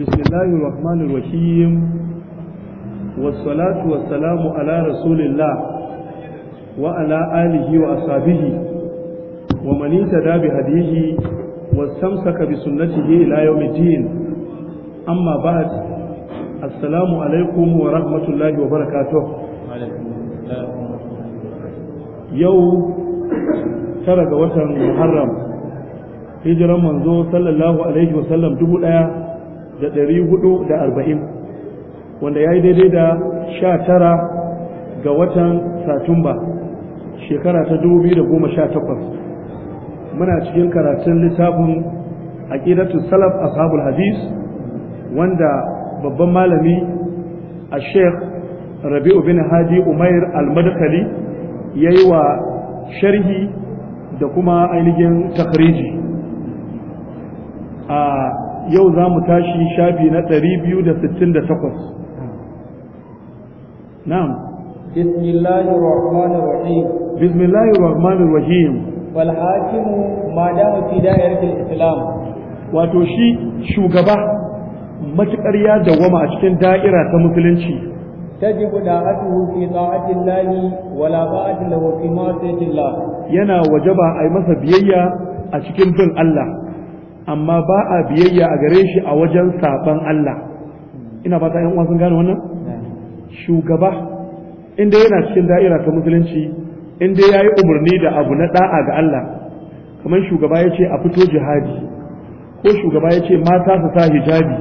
بسم الله الرحمن الرحيم والصلاة والسلام على رسول الله وعلى آله وأصحابه ومن اهتدى بهديه واستمسك بسنته إلى يوم الدين أما بعد السلام عليكم ورحمة الله وبركاته يوم ترك وطن محرم hijiran manzo sallallahu alaihi wasallam dubu ɗaya da ɗari hudu da arba'in wanda ya yi daidai da sha tara ga watan satumba shekara ta dubu da goma sha takwas muna cikin karatun littafin aƙidatu salaf a sabul hadis wanda babban malami a sheikh rabi'u bin hadi umair al madakali ya yi wa sharhi da kuma ainihin takariji a yau za mu tashi shafi na 268 na'am Bismillahi الله الرحمن الرحيم بسم الله الرحمن الرحيم والحاكم ما دام في دائرة الإسلام wato shi shugaba matuƙar ya dawwama a cikin da'ira ta musulunci tajibu da'atuhu fi ta'atillahi wa la ba'd lahu fi ma'siyatillah yana wajaba ai masa biyayya a cikin bin Allah amma ba a biyayya a gare shi a wajen saban Allah ina fata yan sun gane wannan shugaba in yana cikin da'ira ta musulunci in dai yi umarni da abu na da'a ga Allah kamar shugaba ya ce a fito jihadi ko shugaba ya ce mata su sa hijabi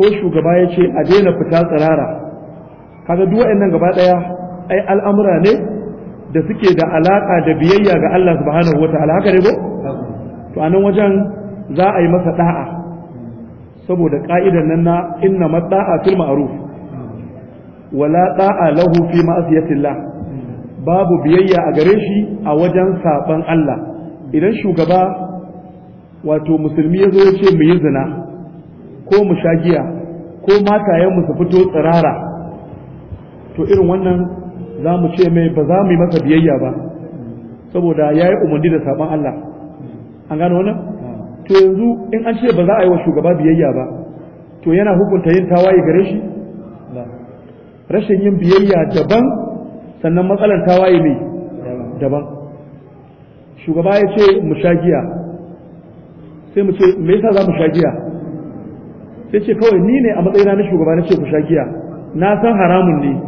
ko shugaba ya ce a daina fita tsirara kaga duk nan gaba ɗaya ai al'amura ne da suke da alaƙa da biyayya ga Allah subhanahu wataala haka ne ko to anan wajen za a yi masa da'a saboda ka'idar nan na inna madda'a fil ma'ruf wala da'a lahu fi ma'asiyatillah babu biyayya a gare shi a wajen saban Allah idan shugaba wato musulmi ya zo ya ce mu yi zina ko mu sha giya ko mu su fito tsirara to irin wannan za mu ce mai ba za mu yi masa biyayya ba saboda ya yi umarni da saban Allah an gano wannan to yanzu in an ce ba za a yi wa shugaba biyayya ba to yana hukunta yin tawaye gare shi rashin yin biyayya daban sannan matsalar tawaye mai daban shugaba ya ce mu sha giya sai mu ce me yasa za mu sha giya sai ce kawai ni ne a matsayina na shugaba na ce ku sha giya na san haramun ne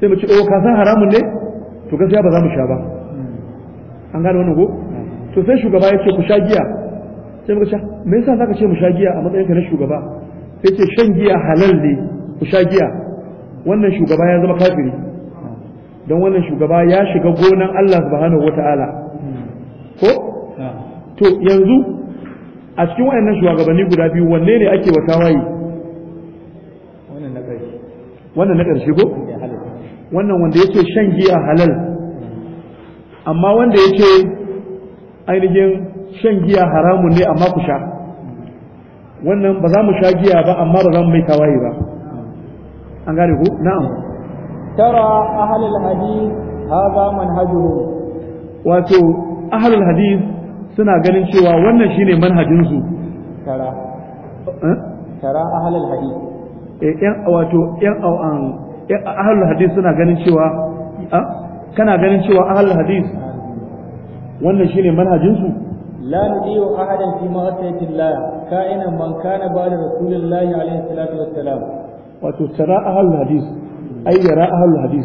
sai mu ce o oh, ka san haramun ne to gaskiya ba za mu sha ba an gane wannan ko to sai shugaba ya ce ku sha giya sai muka me yasa zaka ce mu sha giya a matsayin ka na shugaba sai ce shan giya halal ne ku sha giya wannan shugaba ya zama kafiri don wannan shugaba ya shiga gonan Allah subhanahu wata'ala ko to yanzu a cikin wayannan shugabanni guda biyu wanne ne ake wa tawaye wannan na ƙarshe wannan na ko wannan wanda yake shan giya halal amma wanda yake ainihin shan giya haramun ne amma ku sha wannan ba za mu sha giya ba amma ba za mu mai tawaye ba an gane ku na'am tara ahlul hadith hadha manhajuhum wato ahlul hadith suna ganin cewa wannan shine manhajin su tara eh? tara ahlul hadith eh yan wato yan ahlul hadith suna ganin cewa ah, kana ganin cewa ahlul hadith wannan shine manhajin su لا نضيع أحدا في معصية الله كائنا من كان بعد رسول الله عليه الصلاة والسلام وتترى أهل الحديث أي يرى أهل الحديث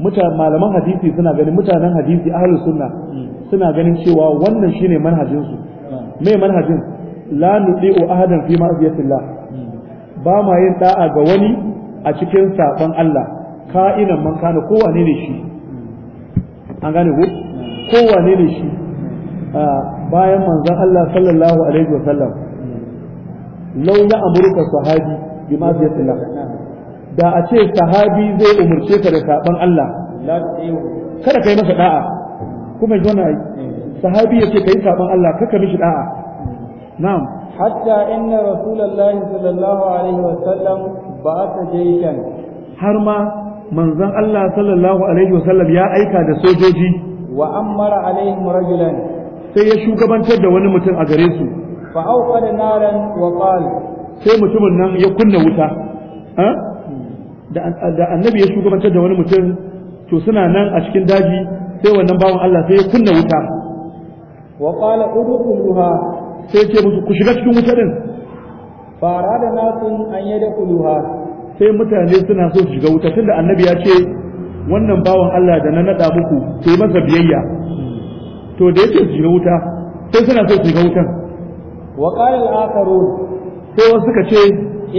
muta malaman hadisi suna ganin mutanen hadisi ahlus sunna suna ganin cewa wannan shine manhajin su mai manhajin la nudi'u ahadan fi ma'siyatillah ba ma yin da'a ga wani a cikin saban Allah ka'inan man kana kowane ne shi an gane ko kowane ne shi bayan manzon Allah sallallahu alaihi wasallam law ya amurka sahabi bima yasla da a ce sahabi zai umurce ka da saban Allah kada kai masa da'a kuma ji wannan sahabi yace kai saban Allah kaka mishi da'a na'am hatta inna rasulullahi sallallahu alaihi wasallam ba'atha jayshan har ma manzon Allah sallallahu alaihi wasallam ya aika da sojoji wa amara alaihim rajulan sai ya shugabantar da wani mutum a gare su fa auqada naran wa qal sai mutumin nan ya kunna wuta da annabi ya shugabantar da wani mutum to suna nan a cikin daji sai wannan bawan Allah sai ya kunna wuta wa qala udkhuluha sai ce musu ku shiga cikin wuta din fara da nasin an yi da sai mutane suna so su shiga wuta tunda annabi ya ce wannan bawan Allah da na nada muku sai yi masa biyayya to da yake su shiga wuta sai suna so su ga wutan wa qala al-akharun sai wasu suka ce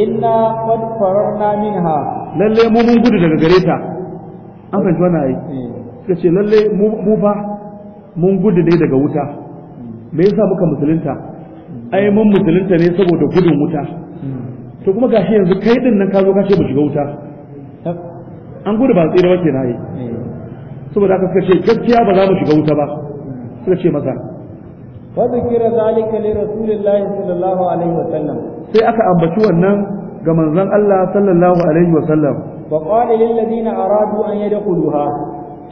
inna qad fararna minha lalle mu mun gudu daga gare ta an fahimci wannan ai eh. suka ce lalle mu fa mun gudu ne daga wuta hmm. me yasa muka musulunta ai mun musulunta ne saboda gudun wuta hmm. to kuma gashi yanzu kai din nan ka zo ka ce mu shiga wuta an gudu ba tsira ba na yi. Eh. saboda aka suka ce gaskiya ba za mu shiga wuta ba suka ce masa fa zikira zalika li rasulillahi sallallahu alaihi wa sallam sai aka ambaci wannan ga manzon Allah sallallahu alaihi wa sallam wa qala lil ladina aradu an yadkhuluha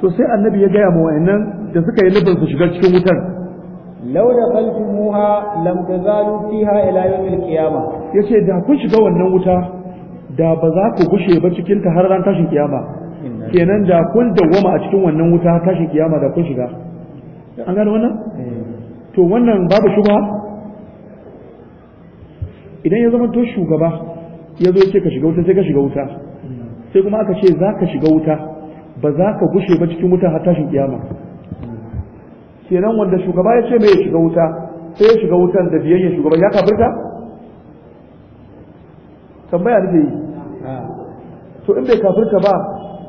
to sai annabi ya gaya ma wayannan da suka yi nufin su shiga cikin wutar law dakhaltumuha lam tazalu fiha ila yawm qiyamah yace da kun shiga wannan wuta da ba za ku gushe ba cikin ta har ran tashin kiyama kenan da kun dawwama a cikin wannan wuta tashin kiyama da kun shiga an gano wannan to wannan babu shubha idan ya zama to shugaba ya zo ce ka shiga wuta sai ka shiga wuta sai kuma aka ce za ka shiga wuta ba za ka gushe ba cikin wuta har tashin kiyama kenan wanda shugaba ya ce mai ya shiga wuta sai ya shiga wutan da biyayyen shugaba ya kafirta tambaya da yi to in bai kafirta ba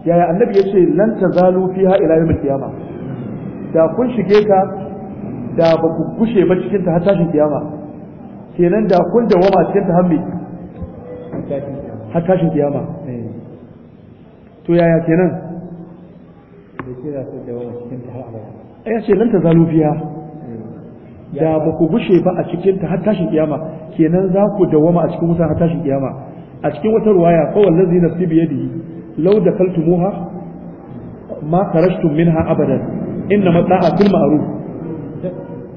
yaya annabi ya ce lan tazalu fiha ila yawmil kiyama. da kun shige ka da ba ku gushe ba cikin ta har tashin kiyama kenan da kun dawama cikin ta hammi me har tashin kiyama to yaya kenan da ce nan cikin ta har abada zalufiya da ba ku gushe ba a cikin ta har tashin kiyama kenan za ku dawama a cikin wuta har tashin kiyama a cikin wata ruwaya kawai lazi nafsi biyadihi law dakaltumuha ma karashtum minha abadan inna matsa'a fil ma'ruf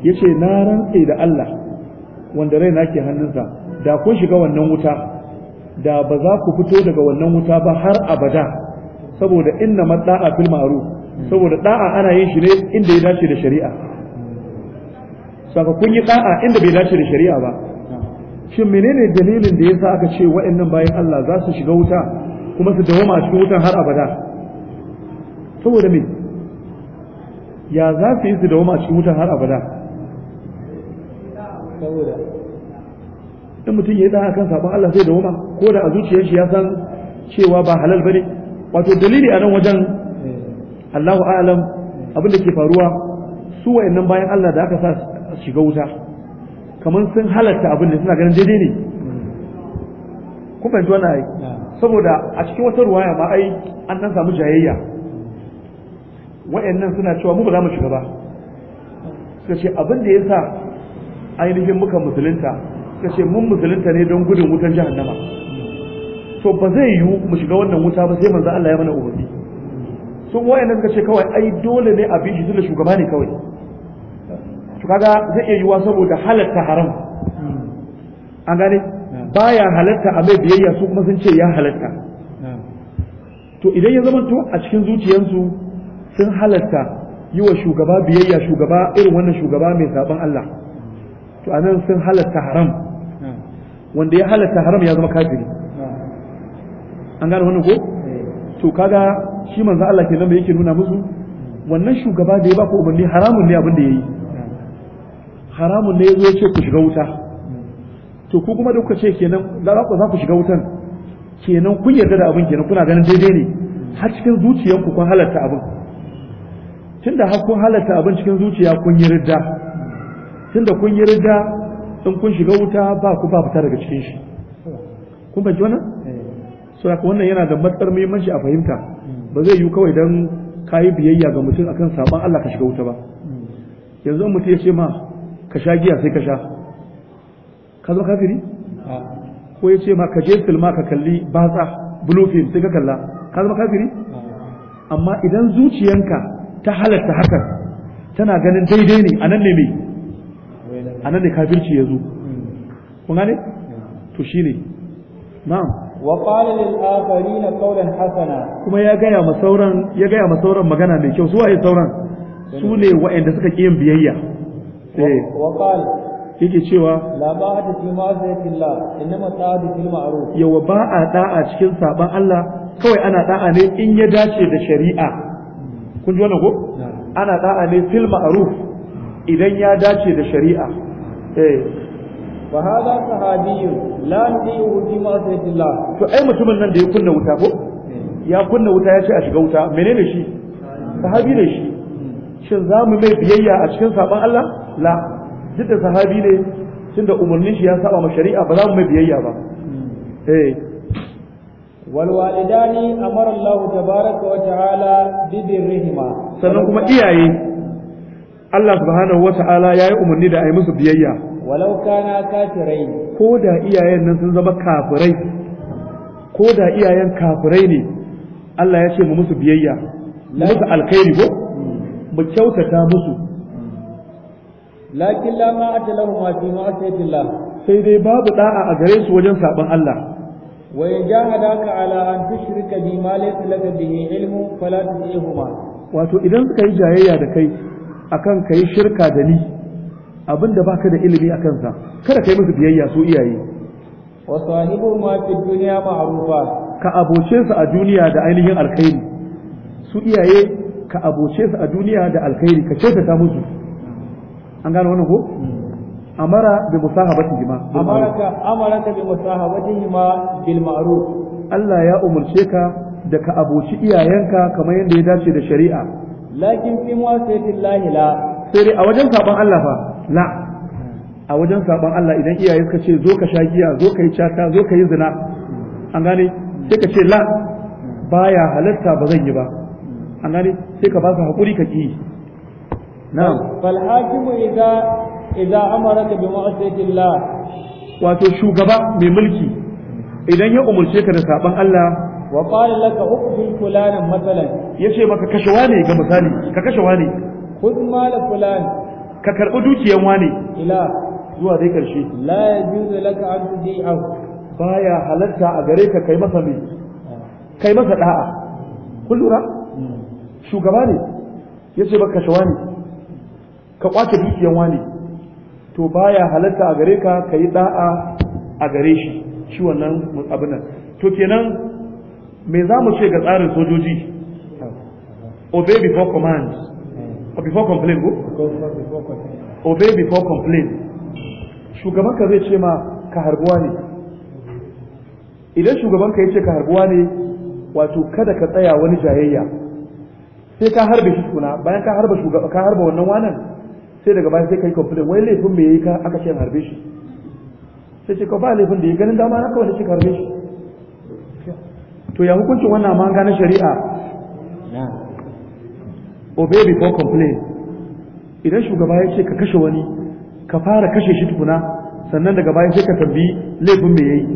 yace na rantse da Allah wanda raina nake hannunsa da kun shiga wannan wuta da ba za ku fito daga wannan wuta ba har abada saboda inna matsa'a fil ma'ruf saboda da'a ana yin shi ne inda ya dace da shari'a saka kun yi da'a inda bai dace da shari'a ba shin menene dalilin da yasa aka ce wa'annan bayan Allah za su shiga wuta kuma su dawo a cikin wutan har abada saboda me ya za su yi su da a cikin wutan har abada in mutum ya yi ɗan akan sabon Allah sai da wama, ko da a zuciyar shi ya san cewa ba halal ne? wato dalili a nan wajen Allahu a'lam abin ke faruwa su wayannan bayan Allah da aka sa shiga wuta kamar sun halatta abin da suna ganin daidai ne kun yanzu wannan yi? saboda a cikin wata ruwaya ma ai an nan samu jayayya wa'annan suna cewa mu ba za mu shiga ba suka ce abin da ya sa ainihin muka musulunta suka ce mun musulunta ne don gudun wutar jahannama to ba zai yiwu mu shiga wannan wuta ba sai manzo Allah ya mana umarni sun wa'annan suka ce kawai ai dole ne a bishi shi shugaba ne kawai to kaga zai iya yiwuwa saboda halatta haram an gane baya halatta a mai biyayya su kuma sun ce ya halatta to idan ya zama to a cikin zuciyarsu sun halarta yi wa shugaba biyayya shugaba irin wannan shugaba mai zaben Allah to anan sun halatta haram wanda ya halatta haram ya zama kafiri an gane wannan ko to kaga shi manzo Allah kenan da yake nuna musu wannan shugaba da ya ba ku ubanni haramun ne abin da yayi haramun ne yazo ya ce ku shiga wuta to ku kuma da kuka ce kenan za ku za ku shiga wutan kenan kun yarda da abin kenan kuna ganin daidai ne har cikin zuciyarku kun halatta abin tunda har kun halatta abin cikin zuciya kun yi ridda tunda kun yi ridda in kun shiga wuta ba ku ba fita daga cikin shi kun fahimci wannan eh. so haka wannan yana da matsar muhimmanci a fahimta ba zai yi kawai dan kayi biyayya ga mutum akan saban Allah ka shiga wuta ba hmm. yanzu mutum ya ce ma ka sha giya sai ka sha ka zama kafiri ah. ko ya ce ma ka je filma ka kalli batsa blue film sai ka kalla ka zama kafiri ah. amma idan zuciyanka ta halatta hakan tana ganin daidai ne a nan ne mai a nan ne kafirci ya zo kun gane to shine na'am lil للآخرين qawlan hasana kuma ya gaya ma sauran ya gaya ma sauran magana mai kyau su waye sauran su ne waɗanda suka ƙi yin biyayya wa eh. qala yake cewa la ba'da fi ma'siyatillah innama ta'atu fil ma'ruf yawa ba a da'a cikin saban Allah kawai ana da'a ne in ya dace da shari'a kun ji wannan ko ana da'a ne fil ma'ruf idan ya dace da shari'a eh fa hada sahabiyyu la yudiyu fi to ai mutumin nan da ya kunna wuta ko ya kunna wuta ya ce a shiga wuta menene shi sahabi ne shi hmm. shin za mu mai biyayya a cikin saban Allah la duk da sahabi ne tunda umarnin shi ya saba ma shari'a ba za mu mai biyayya ba hmm. eh walwalidani amara Allah tabaraka wa ta'ala bidirrihima sannan kuma iyaye Allah subhanahu wa ta'ala yayi umarni da ayi musu biyayya walau kana kafirai ko da iyayen nan sun zama kafirai ko da iyayen kafirai ne Allah ya ce mu musu biyayya musu alkhairi ko mu kyautata musu lakin la ma ajalahum fi ma'asiyatillah sai dai babu da'a a gare su wajen saban Allah ويجاهدك على أن تشرك بما ليس لك به علم فلا تطيعهما wato idan suka yi jayayya da kai akan ka yi shirka da ni abin da baka da ilimi a kansa kada ka yi musu biyayya su iyaye wa sahibu ma fi duniya ma'rufa ka aboce su a duniya da ainihin alkhairi su iyaye ka aboce su a duniya da alkhairi ka ta musu an gane wannan ko amara bi musahabatihima Amara amaraka bi musahabatihima bil ma'ruf Allah ya umurce ka da ka abuci iyayenka kamar yadda ya dace da shari'a lakin fi muwasatillahi la sai dai a wajen saban Allah fa la a wajen saban Allah idan iyaye suka ce zo ka sha giya zo ka yi cata zo ka yi zina an gane sai ka ce la baya halatta ba zan yi ba an gane sai ka ba su hakuri ka ki na'am fal hakimu idza idza amaraka bi ma'siyatillah wato shugaba mai mulki idan ya umurce ka da saban Allah wa qala laka uqbil fulanan masalan yace maka kashe wane ga misali ka kashe wane khudh mala fulan ka karbi dukiyan wane ila zuwa dai karshe la yajuzu laka an tudi'ahu baya halatta a gare ka kai masa mai kai masa da'a kun lura hmm. shugaba ne yace maka kashe wane ka kwace dukiyan wane to baya halatta a gare ka ka yi da'a a gare shi shi wannan abin nan to kenan me za mu ce ga tsarin sojoji obey before command or eh. before complain go obey before complain shugaban ka zai ce ma ka harbuwa ne idan shugaban ka ya ce ka harbuwa ne wato kada ka tsaya wani jayayya sai ka harbe shi suna bayan ka harba wannan wanan sai daga baya sai kai complain wai laifin me yayi ka aka ce harbe shi sai ce ka ba laifin da ya ganin dama na kawai shi harbe shi to ya hukuncin wannan ma gane shari'a obey before complain idan shugaba ya ce ka kashe wani ka fara kashe shi tukuna sannan daga bayan sai ka tambayi laifin me yayi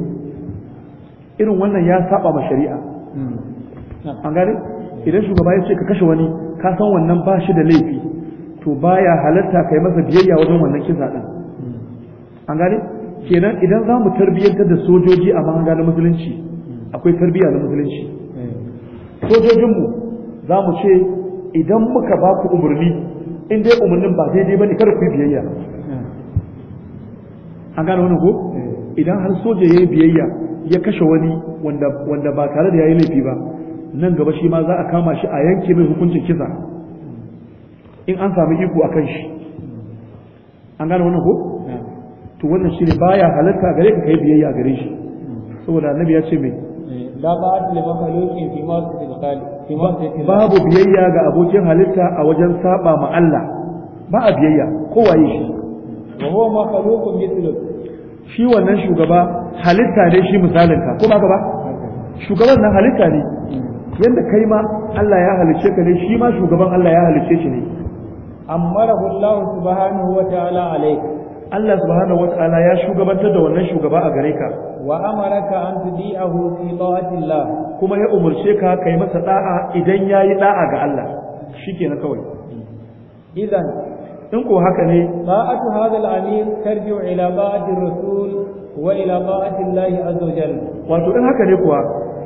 irin wannan ya saba ma shari'a hmm. an gane idan shugaba ya ce ka kashe wani ka san wannan ba shi da laifi to baya halatta kai masa biyayya wajen wannan kisa din an gane kenan idan za mu tarbiyyantar da sojoji a mahanga na musulunci akwai tarbiyya na musulunci sojojinmu za mu ce idan muka ba ku umarni in dai umarnin ba daidai ba ne kar ku yi biyayya an gane wani ko idan har soja ya yi biyayya ya kashe wani wanda ba tare da ya yi laifi ba nan gaba shi ma za a kama shi a yanke mai hukuncin kisa in an samu iko a kan shi an gane wannan ko to wannan shi ne ya halatta gare ka kai biyayya gare shi saboda annabi ya ce mai la ba'd li babu biyayya ga abokin halitta a wajen saba ma Allah ba a biyayya kowaye shi wa huwa makhluqun mithluk shi wannan shugaba halitta ne shi misalin ka ko ba ka ba shugaban nan halitta ne yanda kai ma Allah ya halice ka ne shi ma shugaban Allah ya halice shi ne amarahu Allah subhanahu wa ta'ala alayka Allah subhanahu wa ta'ala ya shugabantar da wannan shugaba a gare ka wa amaraka an tudi'ahu fi ta'atillah kuma ya umurce ka kai masa da'a idan yayi da'a ga Allah shikenan kawai idan in ko haka ne ta'atu hadha al-amir tarji'u ila ba'ati rasul wa ila ba'ati Allah azza wato in haka ne kuwa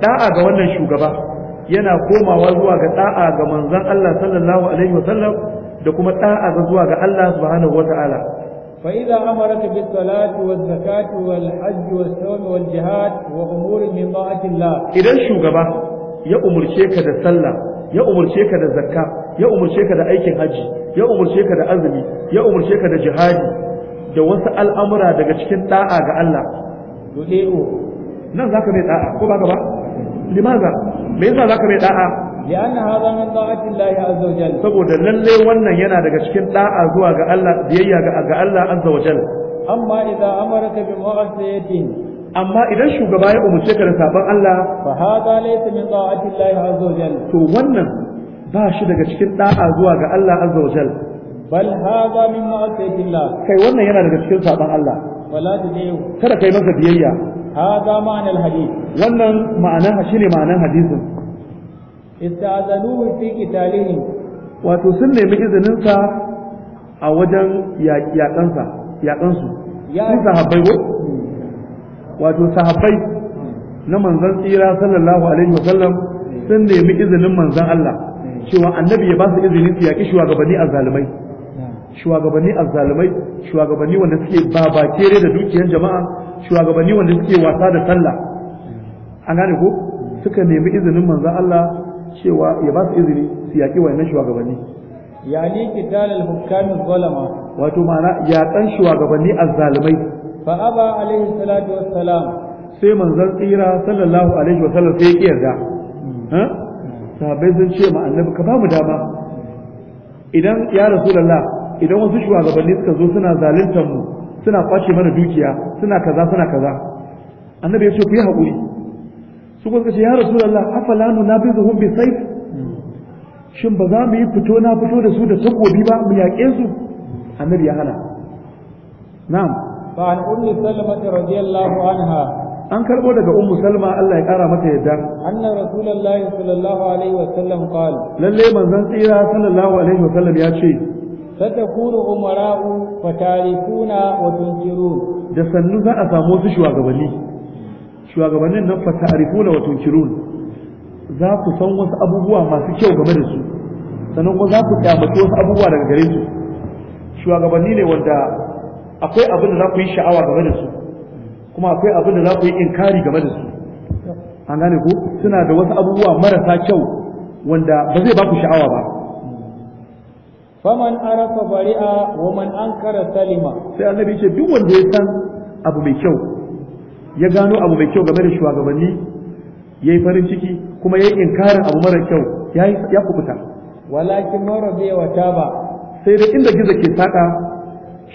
ɗa'a ga wannan shugaba yana komawa zuwa ga ɗa'a ga manzon Allah sallallahu alaihi da kuma da'a ga zuwa ga Allah subhanahu wata'ala fa idza amaraka bis salati waz zakati wal hajj was sawm wal jihad wa umuri min ma'atillah idan shugaba ya umurce ka da sallah ya umurce ka da zakka ya umurce ka da aikin haji ya umurce ka da azumi ya umurce ka da jihadi da wasu al'amura daga cikin da'a ga Allah nan zaka mai da'a ko baka ba limaza me da'a لأن هذا من طاعة الله عز وجل saboda lalle wannan yana daga cikin da'a zuwa ga biyayya ga Allah azza wajal amma idza amaraka bi ma'asiyatin amma idan shugaba ya umurce ka da saban Allah fa hada laysa min ta'ati Allah azza wajal to wannan ba shi daga cikin da'a zuwa ga Allah azza wajal bal hada min ma'asiyati Allah kai wannan yana daga cikin saban Allah wala tadiyu kada kai masa biyayya ma'anar wannan ma'anar ma'anar hadisin ista'zanuhu fi qitalihim wato sun nemi izinin sa a wajen yaƙan sa yaƙan su sun sahabbai ko wato sahabbai na manzon tsira sallallahu alaihi wasallam sun nemi izinin manzon Allah cewa annabi ya ba su izinin su yaƙi shugabanni azzalumai shugabanni azzalumai shugabanni wanda suke babakere da dukiyar jama'a shugabanni wanda suke wasa da sallah an gane ko suka nemi izinin manzon Allah cewa ya ba su izini su yaƙi wannan shugabanni yani qitalul hukami zalama wato ma'ana yaƙan shugabanni zalimai. fa aba alaihi salatu wassalam sai manzon tsira sallallahu alaihi wasallam sai ya yarda hmm. sahabbai sun ce ma annabi ka ba mu dama idan ya rasulullah idan wasu shugabanni suka zo suna zaluntar mu suna kwace mana dukiya suna kaza suna kaza annabi ya ce ku yi haƙuri su kuma suka ce ya rasulullah afala nunabizuhum bi sayf shin ba za mu yi fito na fito da su da takobi ba mu yaƙe su annabi ya hana na'am fa an ummi salama radiyallahu anha an karbo daga ummu salma Allah ya kara mata yadda anna rasulullahi sallallahu alaihi wa sallam qala lalle manzon tsira sallallahu alaihi wa sallam ya ce satakunu umara'u fatarikuna wa tunjiru da sannu za a samu su shugabanni shugabannin nan fa ta'rifuna wa kirun za ku san wasu abubuwa masu kyau game da su sannan kuma za ku kyamaci wasu abubuwa daga gare su shugabanni ne wanda akwai abin da za ku yi sha'awa game da su kuma akwai abin da za ku yi inkari game da su an gane ku? suna da wasu abubuwa marasa kyau wanda ba zai ba ku sha'awa ba faman arafa bari'a wa man ankara salima sai annabi ce duk wanda ya san abu mai kyau ya gano abu mai kyau game da shugabanni ya yi farin ciki kuma ya yi inkarin abu mara kyau ya kubuta walakin marabe wa ba. sai da inda gizo ke saka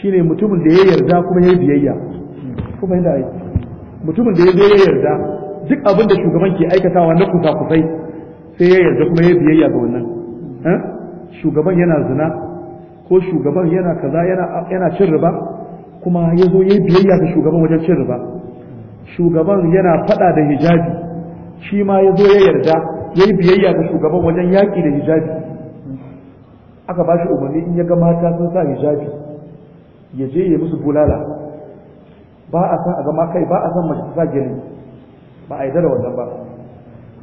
shine mutumin da ya yarda kuma ya yi biyayya kuma inda ai mutumin da ya zo ya yarda duk abin da shugaban ke aikatawa na kusa kusai sai ya yarda kuma ya yi biyayya ga wannan eh? shugaban yana zina ko shugaban yana kaza yana cin riba kuma ya zo ya yi biyayya ga shugaban wajen cin riba shugaban yana faɗa da hijabi shi ma ya zo ya yarda ya yi biyayya ga shugaban wajen yaƙi da hijabi aka ba shi umarni in ya ga mata sun sa hijabi ya je ya musu bulala ba a san a gama kai ba a san mace ta sa gele ba a yarda da wannan ba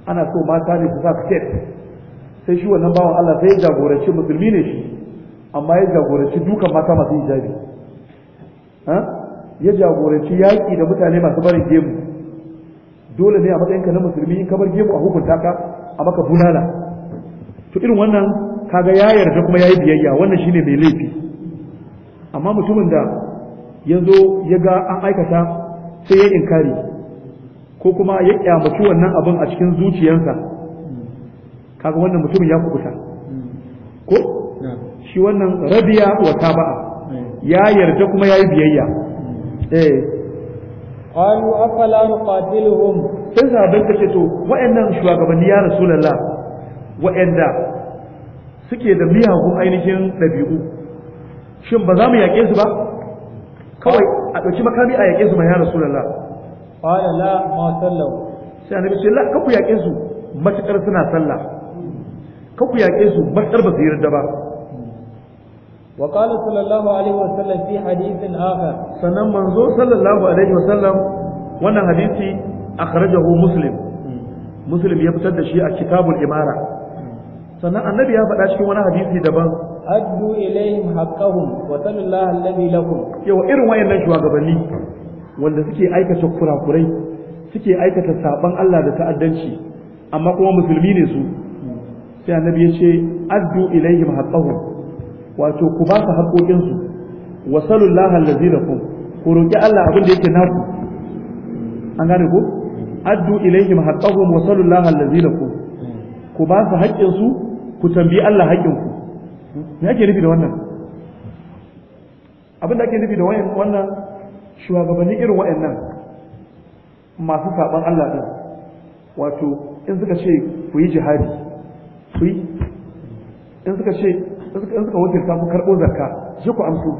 ana so mata ne su sa sai shi wannan bawan Allah sai ya jagoranci musulmi ne shi amma ya jagoranci dukan mata masu hijabi ya jagoranci yaƙi da mutane masu barin gemu dole ne a matsayinka na musulmi in kamar gemu a hukunta ka a maka bulala to irin wannan kaga ya yarda kuma ya yi biyayya wannan shine mai laifi amma mutumin da ya zo ya ga an aikata sai ya inkari ko kuma ya kyamaci wannan abin a cikin zuciyarsa kaga wannan mutumin ya kubuta ko shi wannan rabiya wa taba'a eh. ya yarda kuma ya yi biyayya Eh. qalu afala nuqatiluhum sai sahabbai ta ce to wayannan shugabanni ya rasulullah wayanda suke da miyagun ainihin dabi'u shin ba za mu yaƙe su ba kawai a ɗauki makami a yaƙe su ma ya rasulullah qala la ma sallu sai annabi ce la kaku yaƙe su matuƙar suna sallah hmm. kaku yaƙe su matakar ba su yarda ba وقال صلى الله عليه وسلم في حديث آخر sannan manzo sallallahu alaihi wasallam wannan hadisi akhrajahu muslim muslim ya fitar da shi a kitabul imara sannan annabi ya faɗa cikin wani hadisi daban addu ilaihim haqqahum wa sallallahu alladhi lahum yawa irin wayannan shugabanni wanda suke aikata kurakurai suke aikata saban Allah da ta'addanci amma kuma musulmi ne su sai annabi ya ce ilaihim wato ku ba su haƙoƙinsu wa salullaha allazi lakum ku roƙi Allah abin da yake naku an gane ko addu ilaihim haqqahum wa salullaha allazi lakum ku ba su haƙƙinsu ku tambi Allah haƙƙinku me ake nufi da wannan abin da ake nufi da wannan shugabanni irin wa'annan masu saban Allah din wato in suka ce ku yi jihadi ku yi in suka ce in suka wakilta ku karɓo zakka shi ku amsu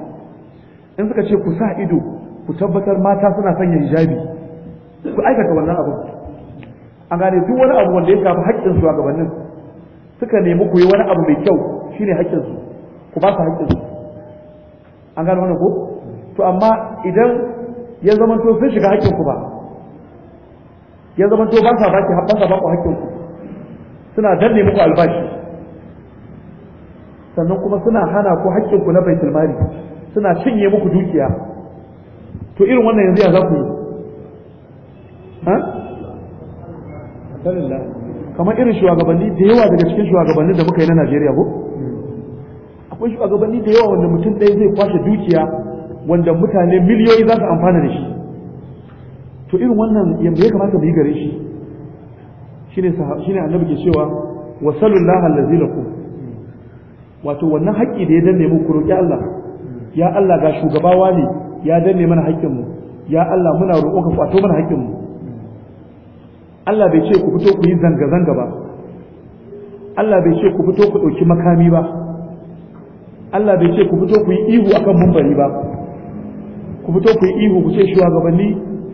in suka ce ku sa ido ku tabbatar mata suna sanya hijabi ku aikata wannan abu an gane duk wani abu wanda ya shafi haƙƙin gabanin, suka nemi ku yi wani abu mai kyau shine haƙƙin su ku ba su haƙƙin su an gane wannan ko to amma idan ya zama to sun shiga haƙƙin ku ba ya zama to ba sa ba ki ba sa ba ku haƙƙin ku suna danne muku albashi sannan kuma suna hana ku hakkin ku na baitul mali suna cinye muku dukiya to irin wannan yanzu ya za ku yi ha kamar irin shugabanni da yawa daga cikin shugabanni da muka yi na Najeriya ko akwai shugabanni da yawa wanda mutum ɗaya zai kwashe dukiya wanda mutane miliyoyi za su amfana da shi to irin wannan yanzu ya kamata mu yi gare shi shine shine annabi ke cewa wasallu sallallahu allazi lakum wato wannan haƙƙi da ya danne mu ku roƙi Allah ya Allah ga shugabawa ne ya danne mana haƙƙin ya Allah muna roƙo ka kwato mana haƙƙin Allah bai ce ku fito ku yi zanga zanga ba Allah bai ce ku fito ku ɗauki makami ba Allah bai ce ku fito ku yi ihu akan mumbari ba ku fito ku yi ihu ku ce shugabanni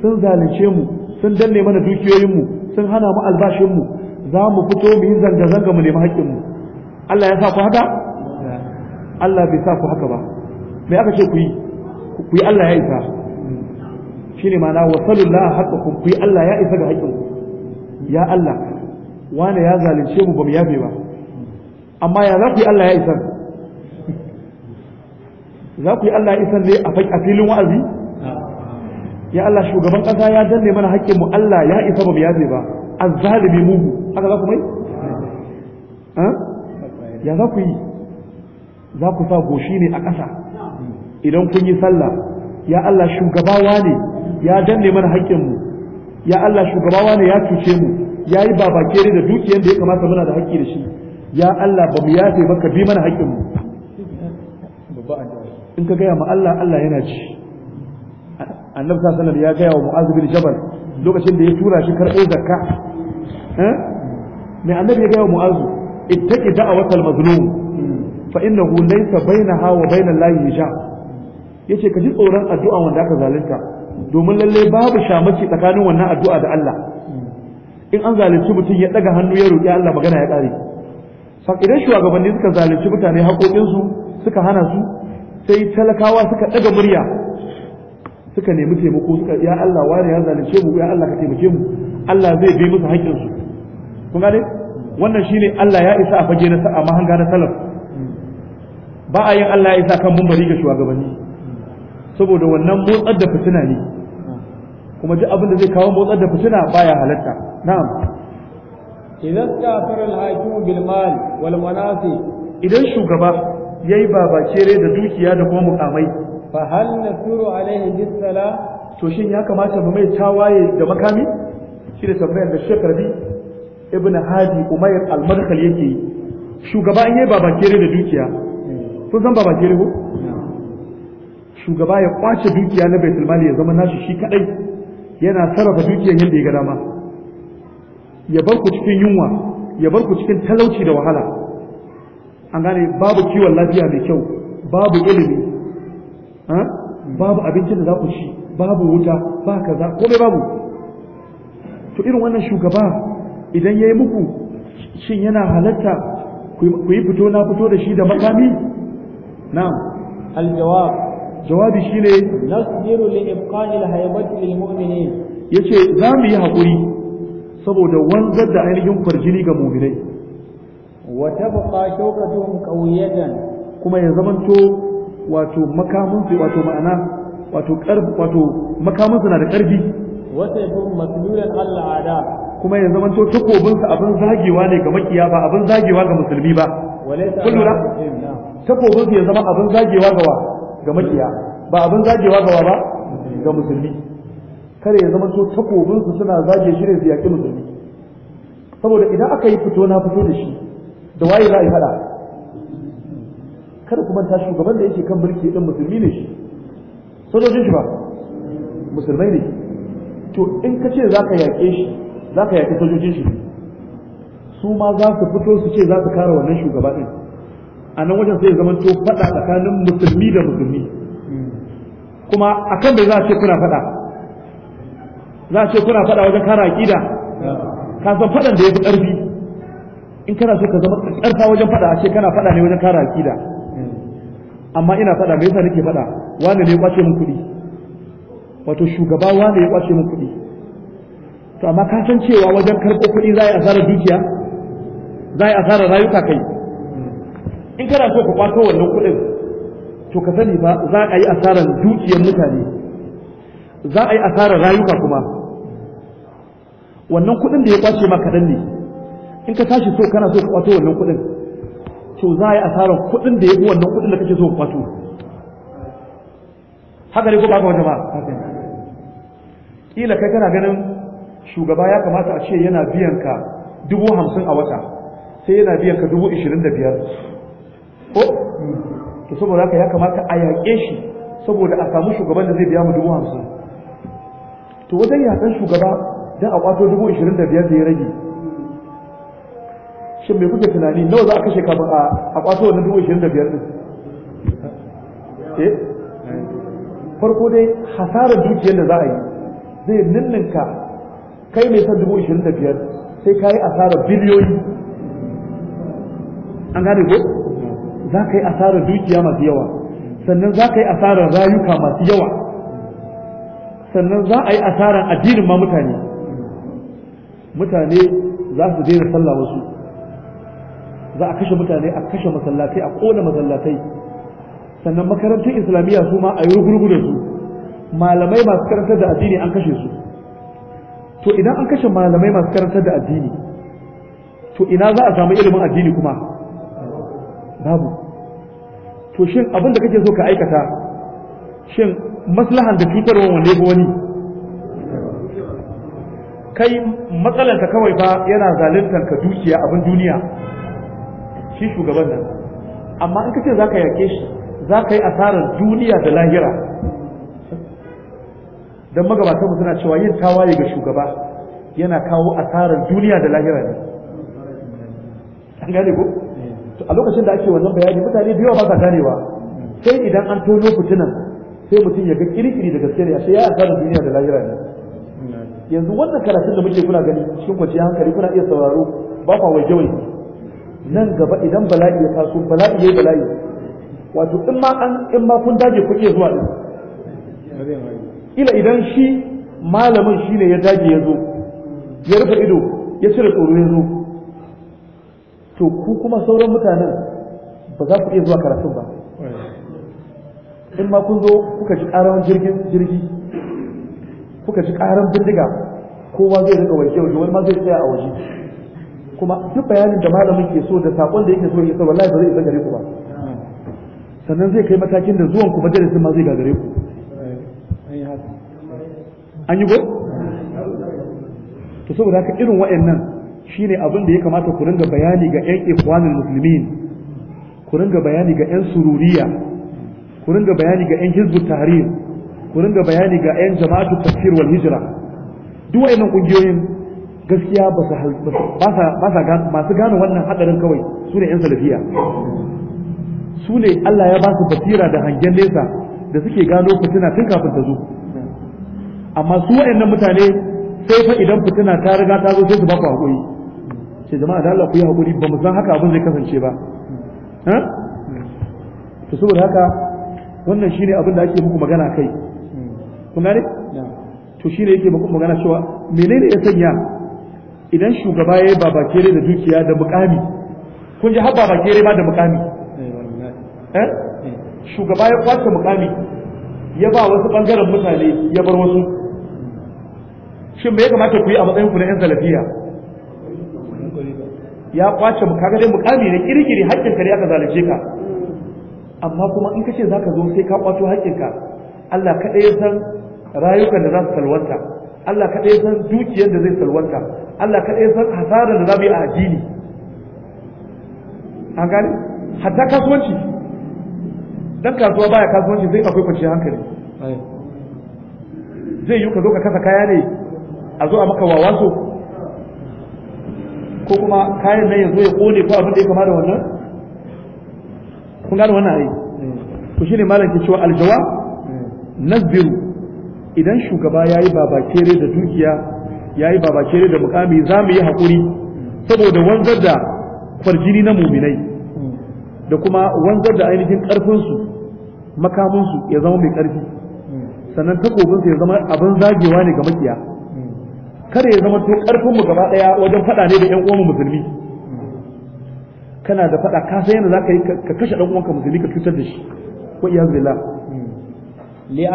sun zalunce mu sun danne mana dukiyoyin mu sun hana mu albashin mu za mu fito mu yi zanga zanga mu nemi haƙƙin mu Allah ya sa ku haka Allah bai sa ku haka ba me aka ce ku yi ku yi Allah ya isa shine ma'ana wa sallallahu haqqakum ku yi Allah ya isa ga haƙƙin ya Allah wani ya zalunce mu ba mu yafe ba amma ya za ku yi Allah ya isa za ku yi Allah ya isa ne a filin wa'azi ya Allah shugaban kasa ya danne mana haƙƙin mu Allah ya isa ba mu yafe ba azzalimi mugu haka za ku mai ya za ku yi za ku sa goshi ne a ƙasa idan kun yi sallah ya Allah shugabawa ne ya danne mana haƙƙinmu ya Allah shugabawa ne ya cuce mu ya yi babakere da dukiyar da ya kamata muna da haƙƙi da shi ya Allah ba mu yafe maka bi mana haƙƙinmu in ka gaya ma Allah Allah yana ci annabi sallallahu alaihi ya gaya wa mu'az bin jabal lokacin da ya tura shi karɓo zakka eh me annabi ya gaya wa mu'az ittaqi da'awatal mazlum fa innahu laysa bainaha wa bainal lahi hijab yace ka ji tsoron addu'a wanda aka zalunta domin lalle babu shamaci tsakanin wannan addu'a da Allah in an zalunci mutum ya daga hannu ya roki Allah magana ya kare fa idan shugabanni suka zalunci mutane haƙoƙinsu suka hana su sai talakawa suka daga murya suka nemi taimako suka ya Allah wani ya zalunce mu ya Allah ka taimake mu Allah zai bi musu haƙƙinsu kun gane wannan shine Allah ya isa a fage na sa'a mahanga na salaf ba a yin Allah ya sa kan mumbari ga shugabanni saboda wannan motsar da fitina ne kuma duk abin da zai kawo motsar da fitina baya halatta na'am idan kafara al-hakim bil mal wal manasi idan shugaba yayi babacere da dukiya da kuma mukamai fa hal nasuru alaihi bisala to shin ya kamata mu mai tawaye da makami shi da tambayar da shekarbi ibn Hadi Umayr al-Madkhali yake shugaba an yayi babacere da dukiya kun san ba kere ko shugaba ya kwace dukiya na baitul mali ya zama nashi shi kadai yana sarrafa dukiyar yadda ya ga dama ya bar ku cikin yunwa ya bar ku cikin talauci da wahala an gane babu kiwon lafiya mai kyau babu ilimi babu abincin da za ku ci babu wuta ba kaza mai babu to irin wannan shugaba idan ya yi muku shin yana halatta ku yi fito na fito da shi da makami na'am aljawab jawabi shine nasbiru li ibqa'i للمؤمنين lil mu'minin yace za mu yi hakuri saboda wanzar da ainihin farjini ga mu'minai wa tabqa shawkatuhum qawiyatan kuma ya zamanto wato makamin wato ma'ana wato karfi wato makamin na da karfi wata yakun kuma ya zama to tukobinsa abin zagewa ne ga makiya ba abin zagewa ga musulmi ba kullura takobin su ya zama abin zagewa gawa ga makiya ba abin zagewa gawa ba ga musulmi kare ya zama to takobin su suna zage shi ne su yaki musulmi saboda idan aka yi fito na fito da shi da waye za a yi hada kada ku manta shugaban da yake kan mulki din musulmi ne shi sojojin shi ba musulmai ne to in ka ce za ka yaƙe shi za ka yaƙi sojojin shi su ma za su fito su ce za su kare wannan shugaba ɗin a nan wajen sai zama to faɗa tsakanin musulmi da musulmi kuma akan da za a ce kuna faɗa za a ce kuna faɗa wajen kara aƙida ka san faɗan da ya fi ƙarfi in kana so ka zama ƙarfa wajen faɗa a ce kana faɗa ne wajen kara aƙida amma ina faɗa me yasa nake faɗa wani ne ya kwace min kuɗi wato shugaba wani ya kwace min kuɗi to amma ka san cewa wajen karɓo kuɗi za a yi asarar dukiya za a yi asarar rayuka kai in kana so ka kwato wannan kuɗin to ka sani ba za a yi asarar dukiyar mutane za a yi asarar rayuka kuma wannan kuɗin da ya kwace ma kaɗan ne in ka tashi so kana so ka kwato wannan kuɗin to za a yi asarar kuɗin da ya fi wannan kuɗin da kake so ka kwato haka ne ko ba ka wata ba kila kai kana ganin shugaba ya kamata a ce yana biyan ka dubu hamsin a wata sai yana biyan ka dubu ishirin da biyar ko to saboda haka ya kamata a yaƙe shi saboda a samu shugaban da zai biya mu dubu hamsin to wajen yaƙan shugaba don a kwato dubu ishirin da biyar da ya rage shin mai kuke tunani nawa za a kashe kafin a kwato wannan dubu ishirin da biyar din eh? farko dai hasarar dukiyar da za a yi zai ninninka kai mai san dubu ishirin da biyar sai ka yi asarar biliyoyi an gane ko za ka yi asarar dukiya masu yawa sannan za ka yi asarar rayuka masu yawa sannan za a yi asarar addinin ma mutane mutane za su daina sallah wasu za a kashe mutane a kashe masallatai a kona masallatai sannan makarantar islamiyya su ma a yi rugurgu da su malamai masu karantar da addini an kashe su to idan an kashe malamai masu karantar da addini to ina za a samu ilimin addini kuma babu to shin abin da kake so ka aikata shin maslahan da cutarwa wanda ya wani kai matsalanka kawai ba yana zaluntar ka dukiya abin duniya shi shugaban nan amma in kace zaka yake shi zaka yi asarar duniya da lahira dan mu suna cewa yin tawaye ga shugaba yana kawo asarar duniya da lahira ne an gane ko a lokacin da ake wannan bayani mutane da yawa ba sa ganewa sai idan an tono fitinan sai mutum ya ga kirkiri da gaske ne ashe ya yarda duniya da lahira ne yanzu wannan karatun da muke kuna gani cikin kwanciyar hankali kuna iya sauraro ba kwa waje wai nan gaba idan bala'i ya taso bala'i yayi bala'i wato in ma an in ma kun dage kuke zuwa din ila idan shi malamin shine ya dage ya zo ya rufe ido ya cire tsoro ya zo to ku kuma sauran mutanen ba za ku iya zuwa karatun ba in ma kun zo kuka ji karan jirgin jirgi kuka ji karan bindiga kowa zai rika waje waje wani ma zai tsaya a waje kuma duk bayanin da malamin ke so da sakon da yake so ya sa wallahi ba zai isa gare ku ba sannan zai kai matakin da zuwan ku majalisin ma zai ga gare ku an yi gwai? to saboda haka irin wa'annan Shi ne abin da ya kamata ku ringa bayani ga 'yan ikwanin musulmin, ku ringa bayani ga 'yan sururiya ku ringa bayani ga 'yan hizbut tahrir ku ringa bayani ga 'yan jama'atu tafsir wal hijira. duk wayannan kungiyoyin gaskiya ba su ba sa masu gane wannan hadarin kawai su ne 'yan salafiya su ne Allah ya ba su basira da hangen nesa da suke gano fitina tun kafin ta zo amma su wayannan mutane sai fa idan fitina ta riga ta zo sai su ba ku hakuri ce jama'a da Allah ku yi haƙuri ba mu san haka abin zai kasance ba to saboda haka wannan shine abin da ake muku magana kai kun gane to shine yake muku magana cewa menene ya sanya idan shugaba ya yi babakere da dukiya da mukami kun ji har babakere ma da mukami eh, eh? Eh. shugaba ya kwace mukami ya ba wasu bangaren mutane ya bar wasu shin me ya kamata ku yi a matsayin ku na yan salafiya ya kwace kaga dai mukami ne kirkiri haƙƙin ka ne aka zalunce ka amma kuma in kace zaka zo sai ka kwato haƙƙin ka Allah kadai ya san rayukan da za su salwanta Allah kadai ya san dukiyar da zai salwanta Allah kadai ya san hasarar da za mu yi a addini an gane hatta kasuwanci dan kasuwa baya kasuwanci sai akwai kwanciyar hankali zai yi ka zo ka kasa kaya ne a zo a maka wawa so. ko kuma kayan nan yanzu ya kone ko abin da ya kama da wannan kun gane wannan ai to shine malam ke cewa aljawa nazbiru idan shugaba yayi babakere da dukiya yayi babakere da mukami za mu yi hakuri saboda wanzar da farjini na muminai da kuma wanzar da ainihin karfinsu makaminsu ya zama mai ƙarfi sannan takobinsa ya zama abin zagewa ne ga makiya kada ya zama to karfin mu gaba daya wajen fada ne da ƴan uwan musulmi kana da fada ka san yadda zaka yi ka kashe dan uwanka musulmi ka cutar da shi wa iyaz billah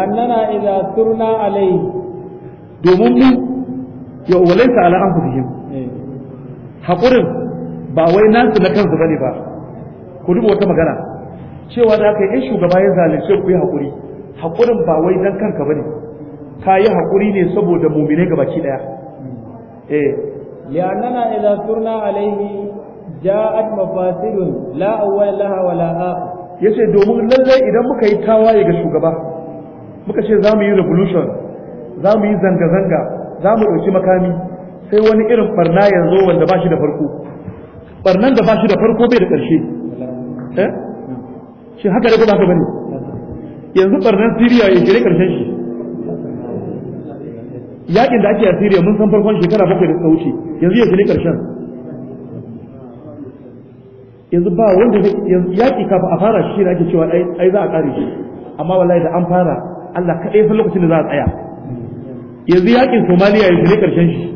annana idza turna alai domin mu ya walaita ala anfusihim eh. hakurin ba wai su na kansu bane ba ku duba wata magana cewa da aka yi shugaba ya zalunce ku yi hakuri hakurin ba wai dan kanka bane ka yi haƙuri ne saboda mumine ga baki ɗaya eh li'annana idza turna alaihi ja'at mafasidun la awwal laha wa la yace domin lallai idan muka yi tawaye ga shugaba muka ce za mu yi revolution za mu yi zanga-zanga za mu ɗauki makami sai wani irin barna yanzu wanda ba shi da farko barnan da ba shi da farko bai da ƙarshe shi haka da ba haka bane yanzu barnan siriya ya ne ƙarshen shi yakin da ake a Syria mun san farkon shekara bakwai da suka wuce yanzu ya ne karshen yanzu ba wanda yanzu yaki kafa a fara shi ne ake cewa ai za a kare shi amma wallahi da an fara Allah kaɗai san lokacin da za a tsaya yanzu yakin Somalia yanzu ne karshen shi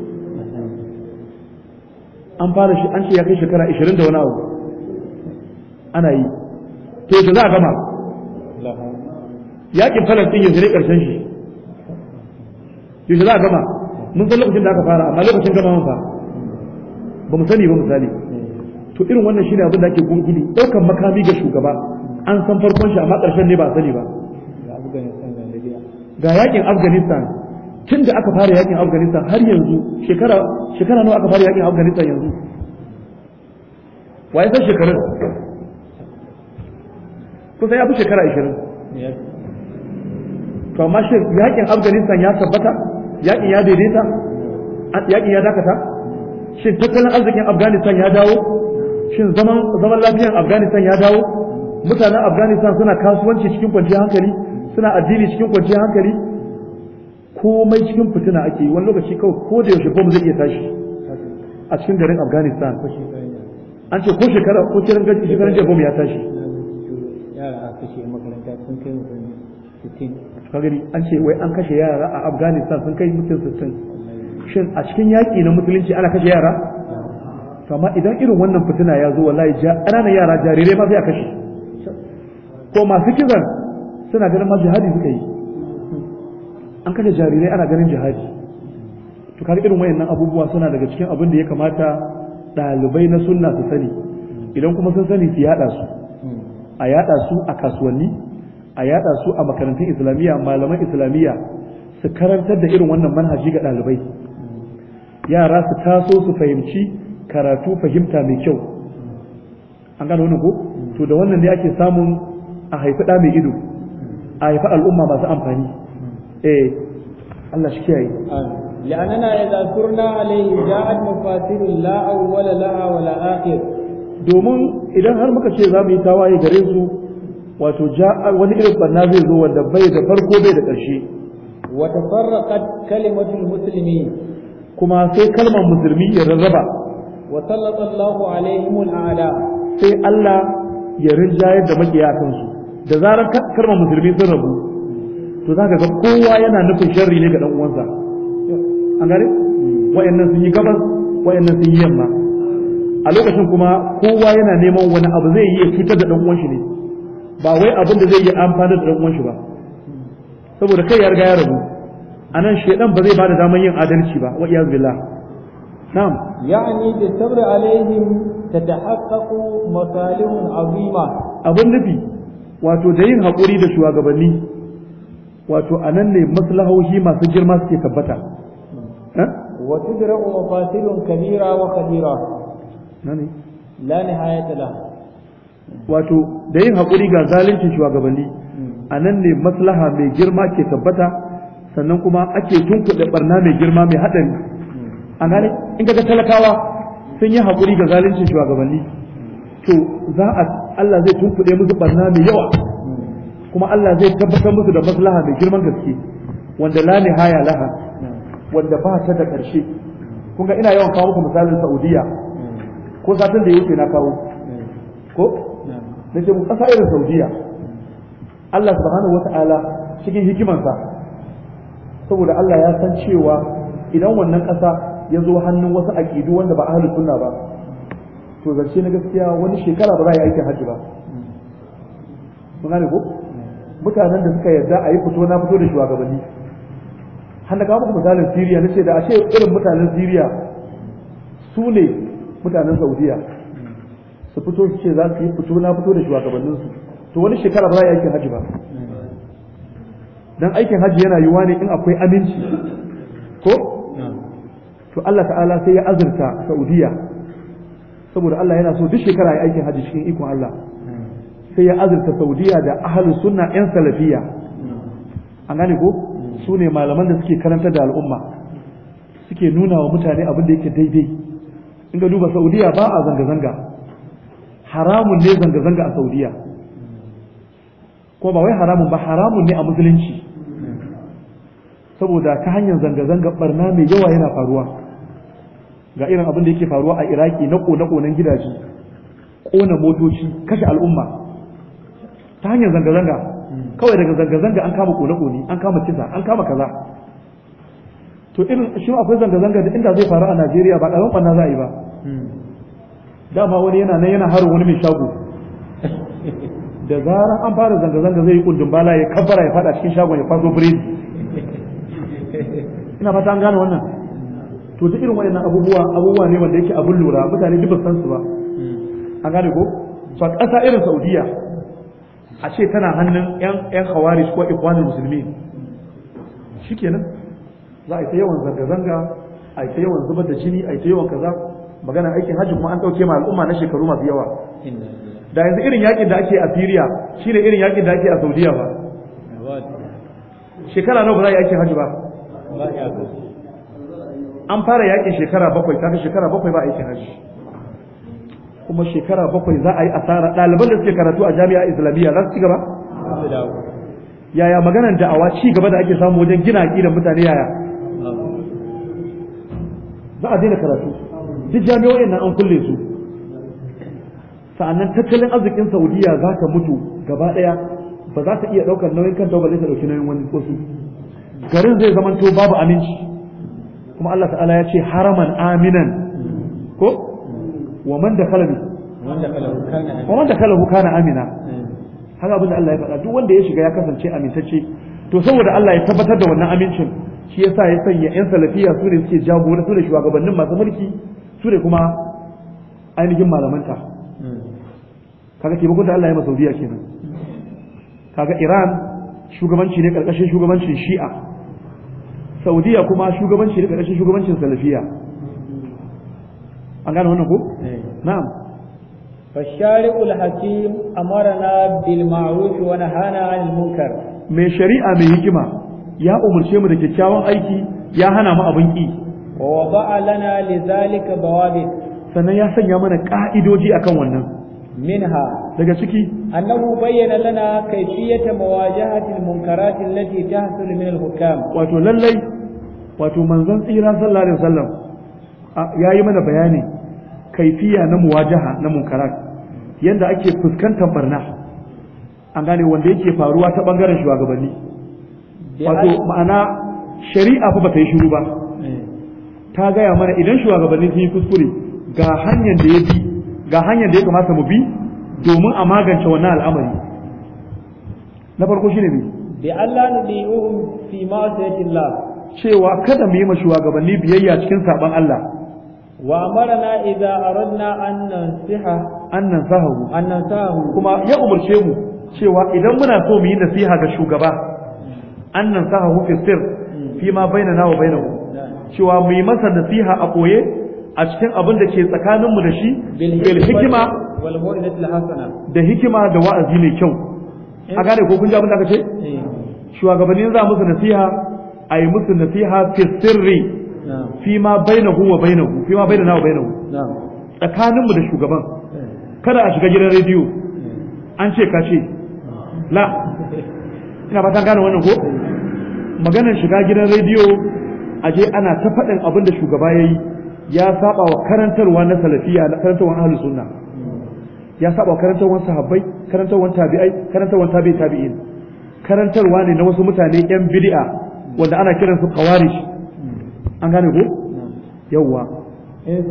an fara shi an ce ya kai shekara 20 da wani abu ana yi to yanzu za a gama yakin Falastin yanzu ne karshen shi yaushe za a gama mun san lokacin da aka fara amma lokacin gama fa ba mu sani ba misali to irin wannan shine abin da ake gungulu daukan makami ga shugaba an san farkon shi amma ƙarshen ne ba a sani ba ga yakin afghanistan tun da aka fara yakin afghanistan har yanzu shekara shekara nawa aka fara yakin afghanistan yanzu wa ya san shekarun kusa ya fi shekara 20 to amma shi yakin afghanistan ya tabbata yaƙin ya daidaita yaƙin ya dakata shin tattalin arzikin afghanistan ya dawo shin zaman lafiyan afghanistan ya dawo mutanen afghanistan suna kasuwanci cikin kwanciyar hankali suna addini cikin kwanciyar hankali komai cikin fitina ake yi wani lokaci kawai ko da yaushe bom zai iya tashi a cikin garin afghanistan an ce ko shekara ko shekaran jiya bom ya tashi kagari an ce wai an kashe yara a afghanistan sun kai mutum 60 shin a cikin yaƙi na musulunci ana kashe yara amma idan irin wannan fitina ya zo wallahi ƙananan yara jarirai ma sai a kashe ko masu kiran suna ganin ma jihadi suka yi an kashe jarirai ana ganin jihadi to kaga irin wayannan abubuwa suna daga cikin abin da ya kamata ɗalibai na sunna su sani idan kuma sun sani su yaɗa su a yaɗa su a kasuwanni a yada su a makarantun islamiyya malaman islamiyya su karantar da irin wannan manhaji ga ɗalibai yara su taso su fahimci karatu fahimta mai kyau an gano wani ko to da wannan ne ake samun a haifi ɗa mai ido a haifi al'umma masu amfani eh Allah shi kiyaye لأننا إذا سرنا عليه جاءت مفاتيح لا أول لها ولا آخر domin idan har muka ce za mu yi tawaye gare su wato wani irin barna zai zo wanda bai da farko bai da ƙarshe wa tafarraqat kalimatul muslimin kuma sai kalmar musulmi ya rarraba wa Allahu alaihim ala sai Allah ya rinjayar da makiya kansu da zarar kalmar musulmi sun rabu to zaka ga kowa yana nufin sharri ne ga dan uwansa an gare wayannan sun yi gabas wayannan sun yi yamma a lokacin kuma kowa yana neman wani abu zai yi ya cutar da dan uwan shi ne ba wai abin da zai yi amfani da ɗan shi ba saboda kai ya riga ya rabu a nan shedan ba zai ba da daman yin adalci ba wa iyaz billah na'am ya'ni bi sabr alaihim tatahaqqaqu masalihun azima abin nufi wato da yin hakuri da shugabanni wato a nan ne maslahohi masu girma suke tabbata eh? wa tudra'u mafasilun kabira wa khadira nani la nihayata lahu wato da yin haƙuri ga zaluncin shugabanni a nan ne maslaha mai girma ke tabbata sannan kuma ake tunkuɗe barna mai girma mai haɗari a gane in ga talakawa sun yi haƙuri ga zaluncin shugabanni to za a Allah zai tunkuɗe musu barna mai yawa kuma Allah zai tabbatar musu da maslaha mai girman gaske wanda la nihaya laha wanda ba ta da ƙarshe kun ga ina yawan kawo muku misalin Saudiya ko satin da yake na kawo ko da ke kasa irin saudiya Allah subhanahu wa ta'ala cikin hikimansa saboda Allah ya san cewa idan wannan kasa ya zo hannun wasu aƙidu wanda ba ahlus sunna ba to zance na gaskiya wani shekara ba za a yi aikin hajji ba mun ko mutanen da suka yarda a yi fito na fito da shugabanni har na kawo muku misalin Siriya na ce da ashe irin mutanen Siriya su ne mutanen Saudiya su fito su ce za su yi fito na fito da shugabanninsu to wani shekara ba za yi aikin hajji ba dan aikin haji yana yiwuwa ne in akwai aminci ko to Allah ta'ala sai ya azurta Saudiya saboda Allah yana so duk shekara ya aikin hajji cikin ikon Allah sai ya azurta Saudiya da ahlus sunna yan salafiya an gane ko su ne malaman da suke karantar da al'umma suke nuna wa mutane abin da yake daidai in ga duba Saudiya ba a zanga-zanga haramun ne zanga-zanga a saudiya ko ba wai haramun ba haramun ne a musulunci saboda ta hanyar zanga-zanga barna mai yawa yana faruwa ga irin abin da yake faruwa a iraki na kone-konen gidaje kona motoci kashe al'umma ta hanyar zanga-zanga kawai daga zanga-zanga an kama kone-kone an kama kisa an kama kaza to irin shi akwai zanga-zanga da inda zai faru a najeriya ba ɗarin ɓanna za a yi ba dama wani yana nan yana harin wani mai shago da zarar an fara zanga-zanga zai yi kundin bala ya kabbara ya fada cikin shagon ya faso biredi ina fata an gane wannan to duk irin waɗannan abubuwa abubuwa ne wanda yake abun lura mutane duk san su ba an gane ko to ƙasa irin saudiya a ce tana hannun yan yan hawari ko ikwanin musulmi shikenan za a yi yawan zanga-zanga a yi ta yawan zubar da jini a yi yawan kaza magana aikin hajji kuma an dauke ma al'umma na shekaru masu yawa da yanzu irin yakin da ake a Syria shine irin yakin da ake a Saudiya ba shekara nawa ba za a yi aikin hajji ba an fara yakin shekara bakwai kaga shekara bakwai ba aikin hajji kuma shekara bakwai za a yi asara ɗaliban da suke karatu a jami'a islamiyya za su ci gaba yaya maganar da'awa ci gaba da ake samu wajen gina aƙidar mutane yaya za a daina karatu duk jami'o'in nan an kulle su sa'annan tattalin arzikin saudiya za ta mutu gaba ɗaya ba za ta iya ɗaukar nauyin kanta ba zai ta dauki nauyin wani wasu garin zai zama to babu aminci kuma Allah ta'ala ya ce haraman aminan ko wa man da kalabi wa man da kalahu kana amina eh. haka abin da Allah ya faɗa duk wanda ya shiga ya kasance amintacce to saboda Allah ya tabbatar da wannan amincin shi yasa ya sanya yan salafiya su ne suke jagora su ne shugabannin masu mulki su ne kuma ainihin malamanta kaga taimakon da Allah ya masa saudiya kenan kaga iran shugabanci ne karkashin shugabancin shi'a saudiya kuma shugabanci ne karkashin shugabancin salafiya an gane wannan ko eh. na'am فالشارع الحكيم أمرنا بالمعروف wani hana المنكر mai shari'a mai hikima ya umarce mu da kyakkyawan aiki ya hana mu abin ki wa wada'a lana lidhalika sannan ya sanya mana ka'idoji akan wannan minha daga ciki annahu bayyana lana kayfiyata mawajahati almunkarati allati tahsul min alhukam wato lallai wato manzon tsira sallallahu alaihi wasallam yi mana bayani kaifiya na muwajaha na munkarat yadda ake fuskantar barna an gane wanda yake faruwa ta bangaren shugabanni wato ma'ana shari'a fa bata yi shiru ba ka gaya mana idan shugabanni sun yi kuskure ga hanyar da ya bi ga hanyar da ya kamata mu bi domin a magance wannan al'amari na farko shine ne bi Allah nudi'uhum fi ma'siyatillah cewa kada mu yi ma shugabanni biyayya cikin saban Allah wa amarna idza aradna an siha an nansahu an nansahu kuma ya umarce mu cewa idan muna so mu yi nasiha ga shugaba an nansahu fi sir fi ma bainana wa bainahu cewa mu yi masa nasiha a ɓoye a cikin abin da ke tsakaninmu da shi bil hikima da hikima da wa'azi mai kyau a gane ko kun ji abin da aka ce eh. shugabanni za musu nasiha a yi musu nasiha fi sirri fi ma bainahu wa bainahu fi ma bainana wa bainahu tsakaninmu da shugaban eh. kada a shiga gidan rediyo eh. an ce ka ce la ina ta gane wannan ko maganar shiga gidan rediyo aje ana ta faɗin abin da shugaba ya yi ya saba wa karantarwa na salafiya na karantarwa ahlus sunna ya saba wa karantarwa sahabbai karantarwa tabi'ai karantarwa tabi'i tabi'in karantarwa ne na wasu mutane yan bid'a wanda ana kiransu qawarij an gane ko yawwa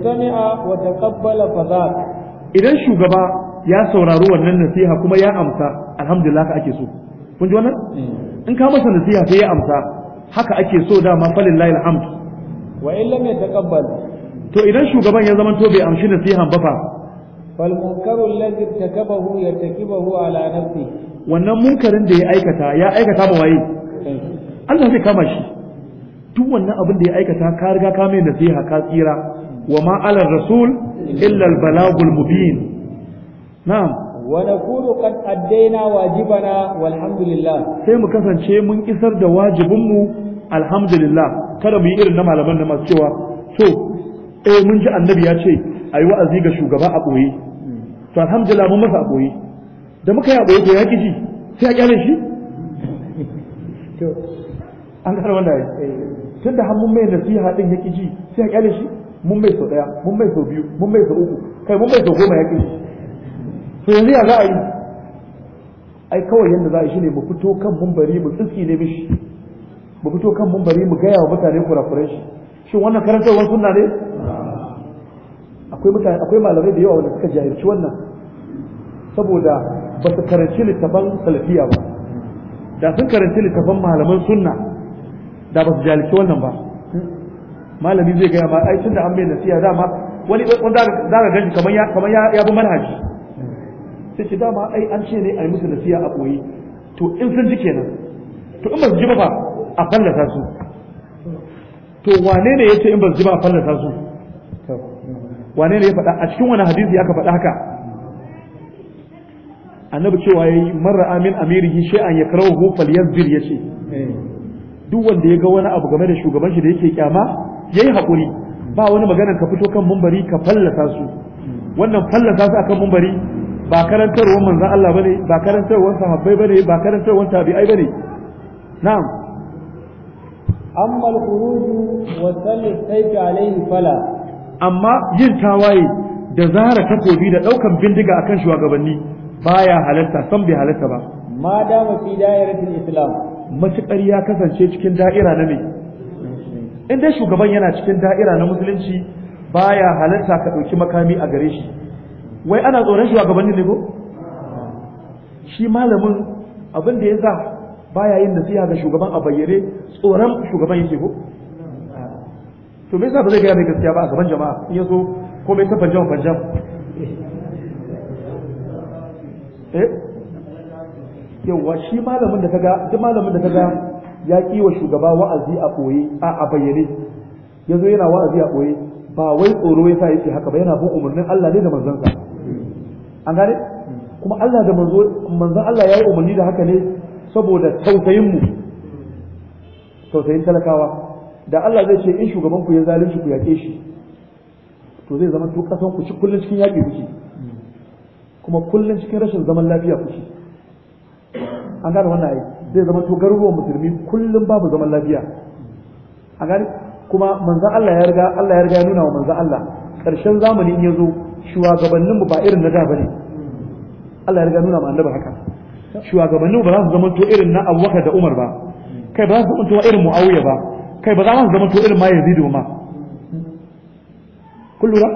sami'a wa taqabbala fadak idan shugaba ya saurari wannan nasiha kuma ya amsa alhamdulillah ka ake so kun ji wannan mm. in ka masa nasiha sai ya amsa haka ake so dama falillahi alhamd wa in lam yataqabbal to idan shugaban ya zama to bai amshi nasihan ba fa fal munkaru alladhi takabahu yartakibahu ala nafsi wannan munkarin da ya aikata ya aikata ba waye Allah zai kama shi duk wannan abin da ya aikata ka riga ka mai nasiha ka tsira wa ma ala rasul illa al balagul mubin na'am wa nakunu qad addaina wajibana walhamdulillah sai mu kasance mun isar da wajibin mu alhamdulillah kada mu yi irin na malaman da masu cewa to eh mun ji annabi ya ce ayi wa'azi ga shugaba a koyi hmm. to alhamdulillah mun masa a da muka yi a to ya kici sai a kyale shi to an kar wanda ya eh, tun da mun mai nasiha din ya kici sai a kyale shi mun mai sau daya mun mai sau biyu mun mai sau uku kai mun mai sau goma ya kici to yanzu ya za a yi ai kawai yadda za a yi shine mu fito kan mumbari mu tsitsi ne mishi mu fito kan mumbari mu gaya wa mutane kurakuran shi shin wannan karantarwar sunna ne akwai mutane akwai malamai da yawa wanda suka jahilci wannan saboda ba su karanci littafan salafiya ba da sun karanci littafan malaman sunna da ba su jahilci wannan ba malami zai gaya ma ai tunda an mai nasiha dama wani wanda za ka ganshi kamar ya bi manhaji sai ce dama ai an ce ne a yi musu nasiya a ɓoye to in sun ji kenan to in ba su ji ba a fallasa su to wane ne ya ce in ba su ji ba a fallasa su wane ne ya faɗa a cikin wani hadisi aka faɗa haka annabi cewa ya yi marar amin amirihi shay'an ya karawa hu falyazbir ya ce duk wanda ya ga wani abu game da shugaban shi da yake kyama ya yi haƙuri ba wani magana ka fito kan mumbari ka fallasa su wannan fallasa su akan mumbari ba karantarwar manzon Allah bane ba karantarwar sahabbai bane ba karantarwar tabi'ai bane na'am amma al-khuruj wa sallu sayfi alayhi fala amma yin tawaye da zara takobi da daukan bindiga akan shugabanni baya halarta san bai halarta ba ma dama fi da'iratul islam matukar ya kasance cikin da'ira na me in dai shugaban yana cikin da'ira na musulunci baya halarta ka dauki makami a gare shi wai ana tsoron shugabanni ne ko shi malamin abin da ya sa baya yin nasiha ga shugaban a bayyane tsoron shugaban yake ko to me yasa ba zai gaya mai gaskiya ba a gaban jama'a in yaso ko mai ta fanjan fanjan eh yawa shi malamin da kaga duk malamin da kaga ya ki wa shugaba wa'azi a koyi a bayyane yazo yana wa'azi a koyi ba wai tsoro sa yake haka ba yana bin umarnin Allah ne da manzon sa an gane kuma Allah da manzo manzon Allah ya yi umarni da haka ne saboda tausayin mu tausayin talakawa da Allah zai ce in shugaban ku ya zalunci ku yaƙe shi to zai zama to kasan ku kullun cikin yaƙi kuke kuma kullun cikin rashin zaman lafiya kuke an gane wannan ai zai zama to garuruwan musulmi kullun babu zaman lafiya an gane kuma manzon Allah ya riga Allah ya riga ya nuna wa manzon Allah karshen zamani in ya zo shugabanninmu ba irin na da ne. Allah ya riga nuna ma annabi haka shugabanninmu ba za su zamanto irin na Abubakar da Umar ba kai ba za su zamanto irin Muawiya ba kai ba za su zamanto irin ma Yazid ma kun lura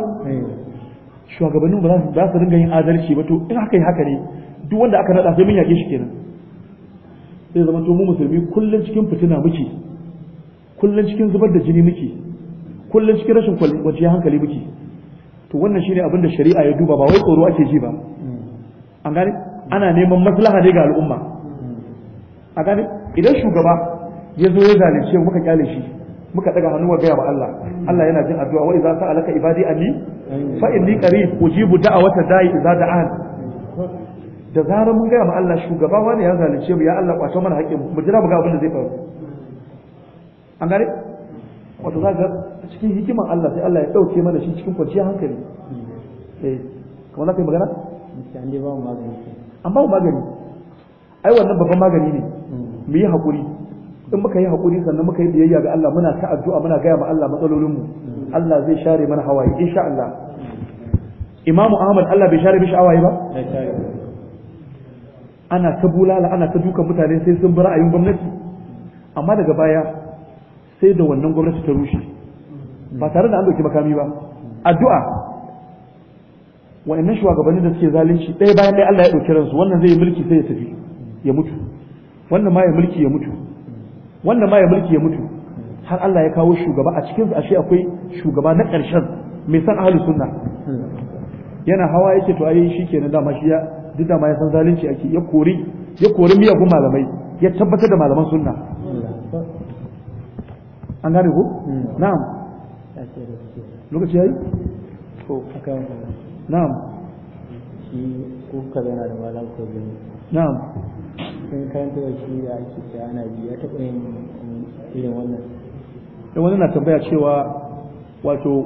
shugabannin ba za su dinga yin adalci ba to in haka yi haka ne duk wanda aka nada sai mun yake shi kenan sai zama to mu musulmi kullun cikin fitina muke kullun cikin zubar da jini muke kullun cikin rashin kwanciyar hankali muke to wannan shine abin da shari'a ya duba ba wai tsoro ake ji ba an gane ana neman maslaha ne ga al'umma a gane idan shugaba ya zo ya zalunce muka kyale shi muka daga hannu wa gaya wa Allah Allah yana jin addu'a wa idza sa'alaka ibadi anni fa inni qarib ujibu da'wata da'i idza da'an da zarar mun gaya ma Allah shugaba wani ya zalunce mu ya Allah kwato mana haƙƙin mu jira mu ga abin da zai faru an gane wato za ga cikin hikiman Allah sai Allah ya ɗauke mana shi cikin kwanciyar hankali eh kamar za ka yi magana an ba mu magani ai wannan babban magani ne mu yi hakuri. in muka yi hakuri sannan muka yi biyayya ga Allah muna ta addu'a muna gaya ma Allah matsalolinmu Allah zai share mana hawaye insha Allah Imamu Ahmad Allah bai share mishi hawaye ba ana ta bulala ana ta dukan mutane sai sun bi ra'ayin gwamnati amma daga baya sai da wannan gwamnati ta rushe ba tare da an dauki makami ba addu'a wa'annan shugabanni da suke zalunci ɗaya bayan ɗaya Allah ya ɗauki ransu wannan zai yi mulki sai ya tafi ya mutu wannan ma ya mulki ya mutu wannan ma ya mulki ya mutu har Allah ya kawo shugaba a cikin su ashe akwai shugaba na ƙarshen mai san ahli sunna yana hawa yake to ai shikenan dama shi ya duk dama ya san zalunci ake ya kori ya kori miyagun malamai ya tabbatar da malaman sunna an gane ko hmm. na'am lokaci yayi ko akan na'am shi ko ka yana da malam ko gani na'am sun karanta da shi da ake da ana bi ya taɓa yin irin wannan dan wannan na tambaya cewa wato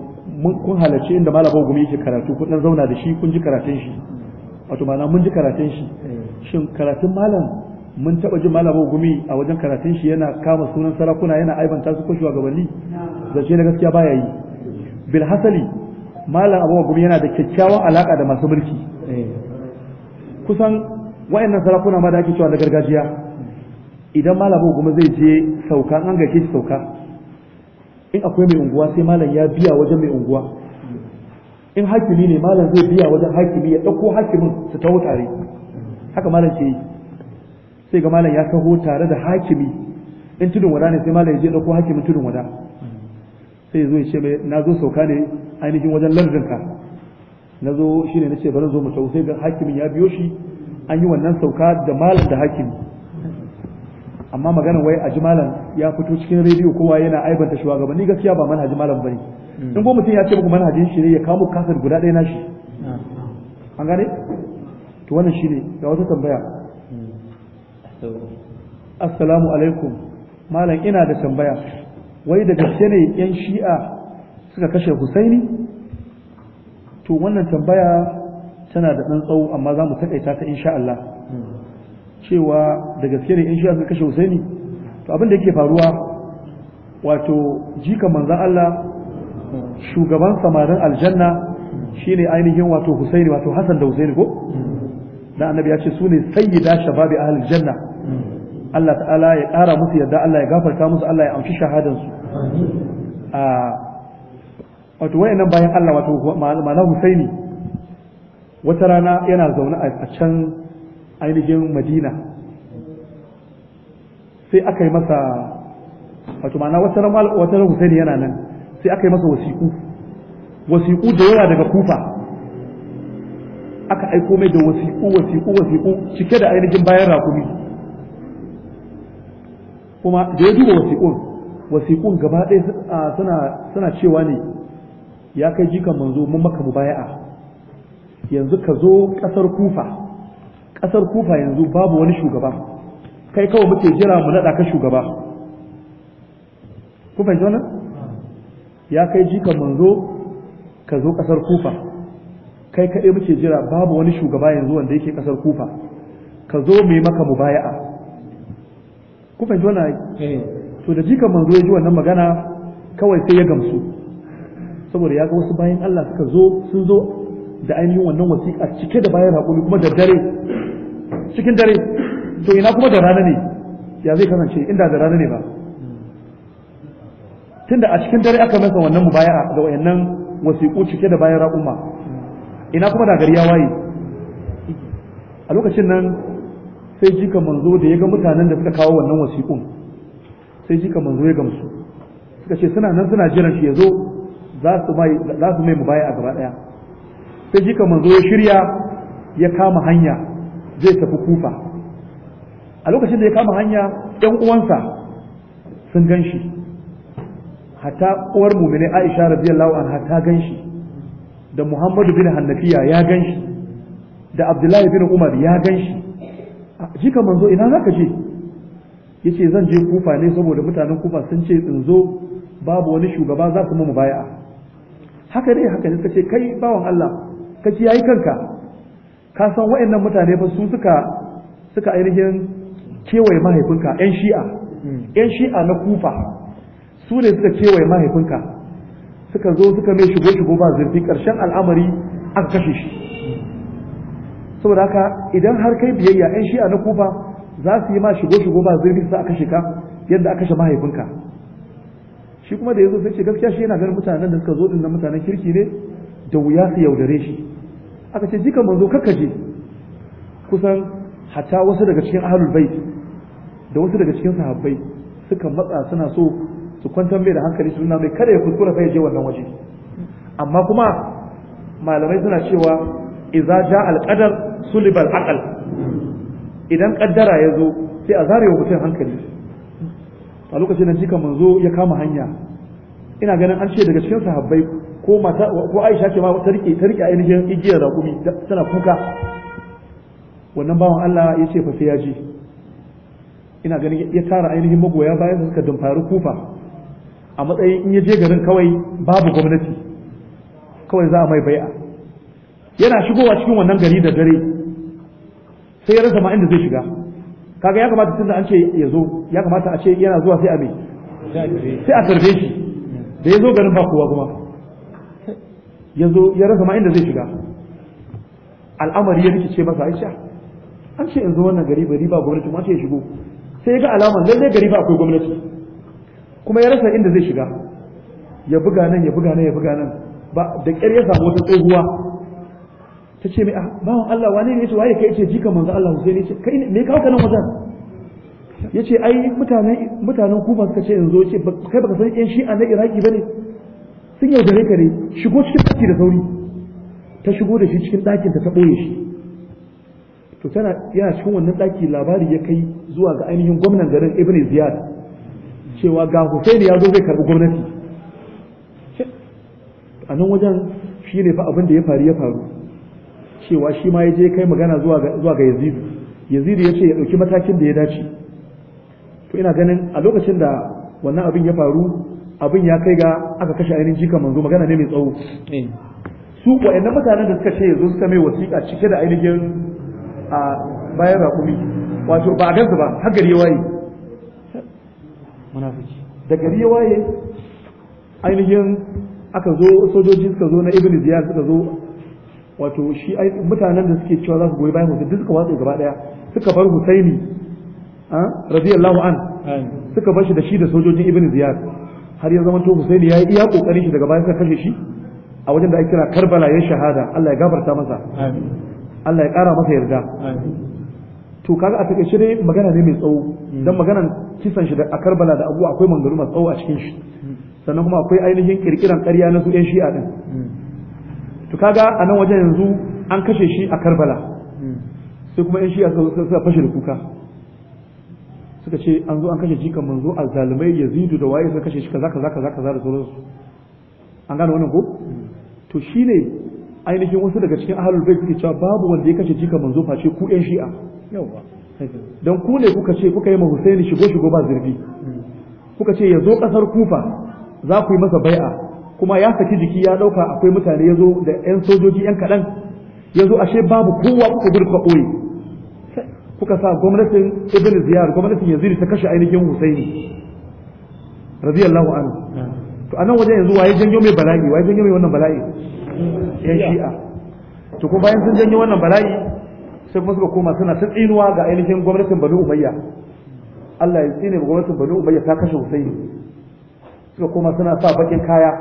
kun halarci inda malaba gumi yake karatu kun dan zauna da shi kun ji karatun shi hmm. wato ma'ana mun ji karatun shi eh. shin karatun malam mun taɓa jin malama gumi a wajen karatun shi yana kama sunan sarakuna yana aibanta su ko shugabanni shi na gaskiya baya yi bil hasali malam abu gumi yana da kyakkyawan alaka da masu mulki eh. kusan wayannan sarakuna ma da ake cewa na gargajiya idan malam abu gumi zai je sauka an gaishe shi sauka in akwai mai unguwa sai malam ya biya wajen mai unguwa in hakimi ne malam zai biya wajen hakimi ya ɗauko hakimin su tawo tare haka malam ce yi sai ga malam ya taho tare da hakimi in tudun wada ne sai malam ya je dauko hakimin tudun wada sai ya zo ya ce mai na zo sauka ne ainihin wajen lardinka na zo shi ne na ce bari zo mu tau sai ga hakimin ya biyo shi an yi wannan sauka da malam da hakimi amma magana wai a malam ya fito cikin rediyo kowa yana aibanta shugabanni gaskiya ba manhaji malam bane in ko mutum ya ce muku manhajin shi ne ya kawo kasar guda ɗaya na shi an gane to wannan shi ne ga wata tambaya assalamu alaikum malam ina da tambaya wai da gaske ne yan shi'a suka kashe husaini to wannan tambaya tana da ɗan tsawo amma za mu taƙaita ta insha Allah cewa da gaske ne yan shi'a suka kashe husaini to abin da yake faruwa wato jika manzan Allah shugaban samarin aljanna shine ainihin wato husaini wato hasan da husaini ko da annabi ya ce su ne sayyida shababi ahlul janna Allah ta'ala ya ƙara musu yadda Allah ya gafarta musu Allah ya amshi shahadan su a wato nan bayan Allah wato ma'ana Husaini wata rana yana zaune a can ainihin Madina sai aka yi masa wato ma'ana wata rana wata Husaini yana nan sai aka yi masa wasiku. Wasiku da yawa daga Kufa aka aiko mai da wasiƙu wasiƙu wasiƙu cike da ainihin bayan rakumi kuma da ya duba wasiƙun wasiƙun gaba ɗaya suna cewa ne ya kai jikan manzo mun maka mu baya'a. yanzu ka zo ƙasar kufa ƙasar kufa yanzu babu wani shugaba kai kawai muke jira mu naɗa ka shugaba ku fahimci wannan ya kai jikan manzo ka zo ƙasar kufa kai kaɗai muke jira babu wani shugaba yanzu wanda yake ƙasar kufa ka zo mai maka mubaya'a ku fahimci wannan eh. to da jikan manzo ya ji wannan magana kawai sai ya gamsu saboda ya ga wasu bayan Allah suka zo sun zo da ainihin wannan wasiƙa cike da bayan haƙuri kuma da dare cikin dare to ina kuma da rana ne ya zai kasance inda da rana ne ba tunda a cikin dare aka masa wannan mubaya'a da wayannan wasiƙu cike da bayan raƙuma ina kuma da gari ya waye a lokacin nan sai jika manzo da ya ga mutanen da suka kawo wannan wasiƙun sai jika manzo ya gamsu suka ce suna nan suna jiran shi ya zo za su mai mubaya a gaba ɗaya sai jika manzo ya shirya ya kama hanya zai tafi kufa a lokacin da ya kama hanya ɗan uwansa sun gan shi hatta uwar mumini aisha radiyallahu anha ta gan shi da Muhammadu bin Hannafiya ya gan shi da Abdullahi bin Umar ya gan shi jika manzo ina zaka je yace zan je kufa ne saboda mutanen kufa sun ce in zo babu wani shugaba za su mu baya haka dai haka ne ce kai bawan Allah kace yayi kanka ka san waɗannan mutane ba su suka suka ainihin kewaye mahaifinka yan shi'a hmm. yan shi'a na kufa su ne suka kewaye mahaifinka suka zo suka mai shigo shigo ba zurfi ƙarshen al'amari an kashe shi saboda haka idan har kai biyayya yan shi'a na kufa za su yi ma shigo shigo ba zurfi sa aka shika yadda aka kashe mahaifinka shi kuma da yazo sai ce gaskiya shi yana ganin mutanen da suka zo din nan mutanen kirki ne da wuya su yaudare shi aka ce jika manzo je kusan hatta wasu daga cikin ahlul bait da wasu daga cikin sahabbai suka matsa suna so su kwantar mai da hankali su nuna mai kada ya kuskura sai ya je wannan waje amma kuma malamai suna cewa idza ja alqadar sulibal aqal idan kaddara ya zo sai a zare wa mutum hankali a lokacin nan jika manzo ya kama hanya ina ganin an ce daga cikin sahabbai ko mata ko Aisha ce ma ta rike ta rike ainihin igiyar rakumi tana kuka wannan bawan Allah ya ce fa sai ya ji ina ganin ya tara ainihin magoya bayan suka dumfari kufa a matsayin in ya je garin kawai babu gwamnati kawai za a mai bai'a yana shigowa cikin wannan gari da dare sai ya rasa ma inda zai shiga kaga ya kamata tunda an ce ya zo ya kamata a ce yana zuwa sai a me sai a tarbe shi da ya zo garin ba kowa kuma ya zo ya rasa ma inda zai shiga al'amari ya rikice masa aisha an ce in zo wannan gari bari ba gwamnati ma ce ya shigo sai ya ga alamar lallai gari ba akwai gwamnati kuma ya rasa inda zai shiga ya buga nan ya buga nan ya buga nan ba da ƙyar ya samu wata tsohuwa ta ce mai a ah, bawan Allah wane ne ya ce waye kai ce jika manzo Allah Hussein ne? kai ne me kawo ka nan wajen ya ce ai mutanen mutanen Kufa suka ce yanzu ce kai baka san yan shi'a na Iraki bane sun yau ka ne shigo cikin ɗaki da sauri ta shigo da shi cikin ɗakin ta ta ɓoye shi to tana yana cikin wannan ɗaki labari ya kai zuwa ga ainihin gwamnan garin Ibn Ziyad cewa ga Hussein ya zo zai karbi gwamnati a nan wajen shi ne abin da ya faru ya faru cewa shi ma ya je kai magana zuwa ga Yazidu Yazidu ya ce ya ɗauki matakin da ya dace to ina ganin a lokacin da wannan abin ya faru abin ya kai ga aka kashe ainihin jika manzo magana ne mai tsawo eh. su waɗannan mutanen da suka ce ya zo suka mai wasiƙa cike da ainihin a bayan rakumi wato ba a gansu ba har gari ya waye munafiki da gari ya waye ainihin aka zo sojoji suka zo na ibn ziyar suka zo wato shi mutanen da suke cewa za su goyi bayan hussein suka watsa gaba daya suka bar husaini ah, radiyallahu an suka bar shi da shi da sojojin ibn ziyar har ya zama to husaini ya yi iya kokarin shi daga bayan suka kashe shi a wajen da ake kira karbala ya shahada Allah ya gafarta masa Allah ya kara masa yarda to kaga a takaice dai magana ne mai tsawo hmm. dan maganan kisan shi da a Karbala da Abu akwai mangaru mai tsawo a cikin shi hmm. sannan kuma akwai ainihin kirkiran ƙarya na su ƴan shi'a din hmm. to kaga a nan wajen yanzu an kashe shi a Karbala sai kuma ƴan shi'a suka fashe da kuka suka ce an zo an kashe jikan manzo azzalumai yazidu da waye suka kashe shi kaza kaza kaza kaza da sauransu an gane wannan ko to shine ainihin wasu daga cikin ahlul bait suke cewa babu wanda ya kashe jikan manzo face ku ƴan shi'a don ku ne kuka ce kuka yi ma Husaini shigo shigo ba zurfi kuka ce ya zo kasar Kufa za ku yi masa bai'a kuma ya saki jiki ya dauka akwai mutane ya zo da yan sojoji yan kaɗan ya zo ashe babu kowa kuka gudu ka ɓoye kuka sa gwamnatin ibn ziyar gwamnatin yazid ta kashe ainihin husaini radiyallahu anhu to anan wajen yanzu waye janyo mai bala'i waye janyo mai wannan bala'i yan shi'a to ko bayan sun janyo wannan bala'i sai kuma suka koma suna ta tsinuwa ga ainihin gwamnatin Bani Umayya Allah ya tsine gwamnatin Bani Umayya ta kashe Husaini suka koma suna sa bakin kaya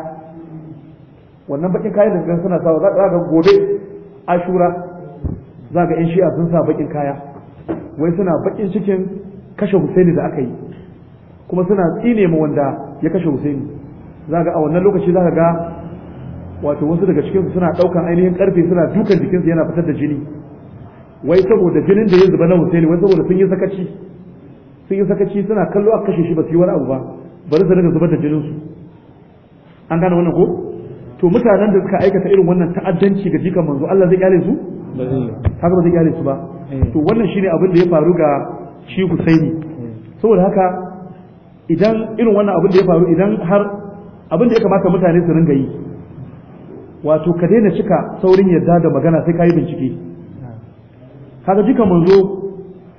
wannan bakin kayan da gidan suna sawa za ga gobe Ashura za ga yan shi'a sun sa bakin kaya wai suna bakin cikin kashe Husaini da aka yi kuma suna tsine ma wanda ya kashe Husaini za a wannan lokaci za ka ga wato wasu daga cikinsu suna ɗaukan ainihin ƙarfe suna dukan jikinsu yana fitar da jini wai saboda jinin da ya zuba na Husaini wai saboda sun yi sakaci sun yi sakaci suna kallo a kashe shi ba su yi wani abu ba bari su rika zubar da jinin su an gane wannan ko to mutanen da suka aikata irin wannan ta'addanci ga jikan manzo Allah zai kyale su haka ba zai kyale su ba eh. to wannan shine abin da ya faru ga shi Husaini eh. saboda haka idan irin wannan abin da ya faru idan har abin da ya kamata mutane su ringa yi wato ka daina cika saurin yadda da magana sai ka yi bincike kaga duka manzo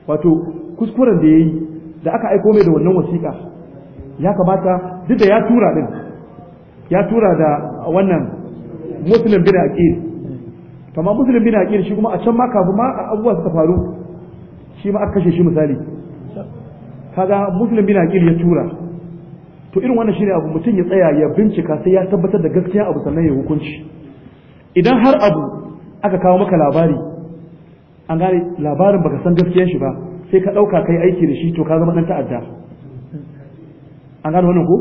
wato kuskuren da yayi da aka aiko mai da wannan wasiƙa ya kamata duk da ya tura din ya tura da wannan muslim bin aqil to muslim bin aqil shi kuma a can ma kafin ma abubuwa suka faru shi ma aka kashe shi misali kaga muslim bin aqil ya tura to irin wannan shine abu mutum ya tsaya ya bincika sai ya tabbatar da gaskiya abu sannan ya hukunci idan har abu aka kawo maka labari an gane labarin baka san gaskiyar shi ba sai ka ɗauka kai aiki da shi to ka zama ɗan ta'adda an gane wannan ko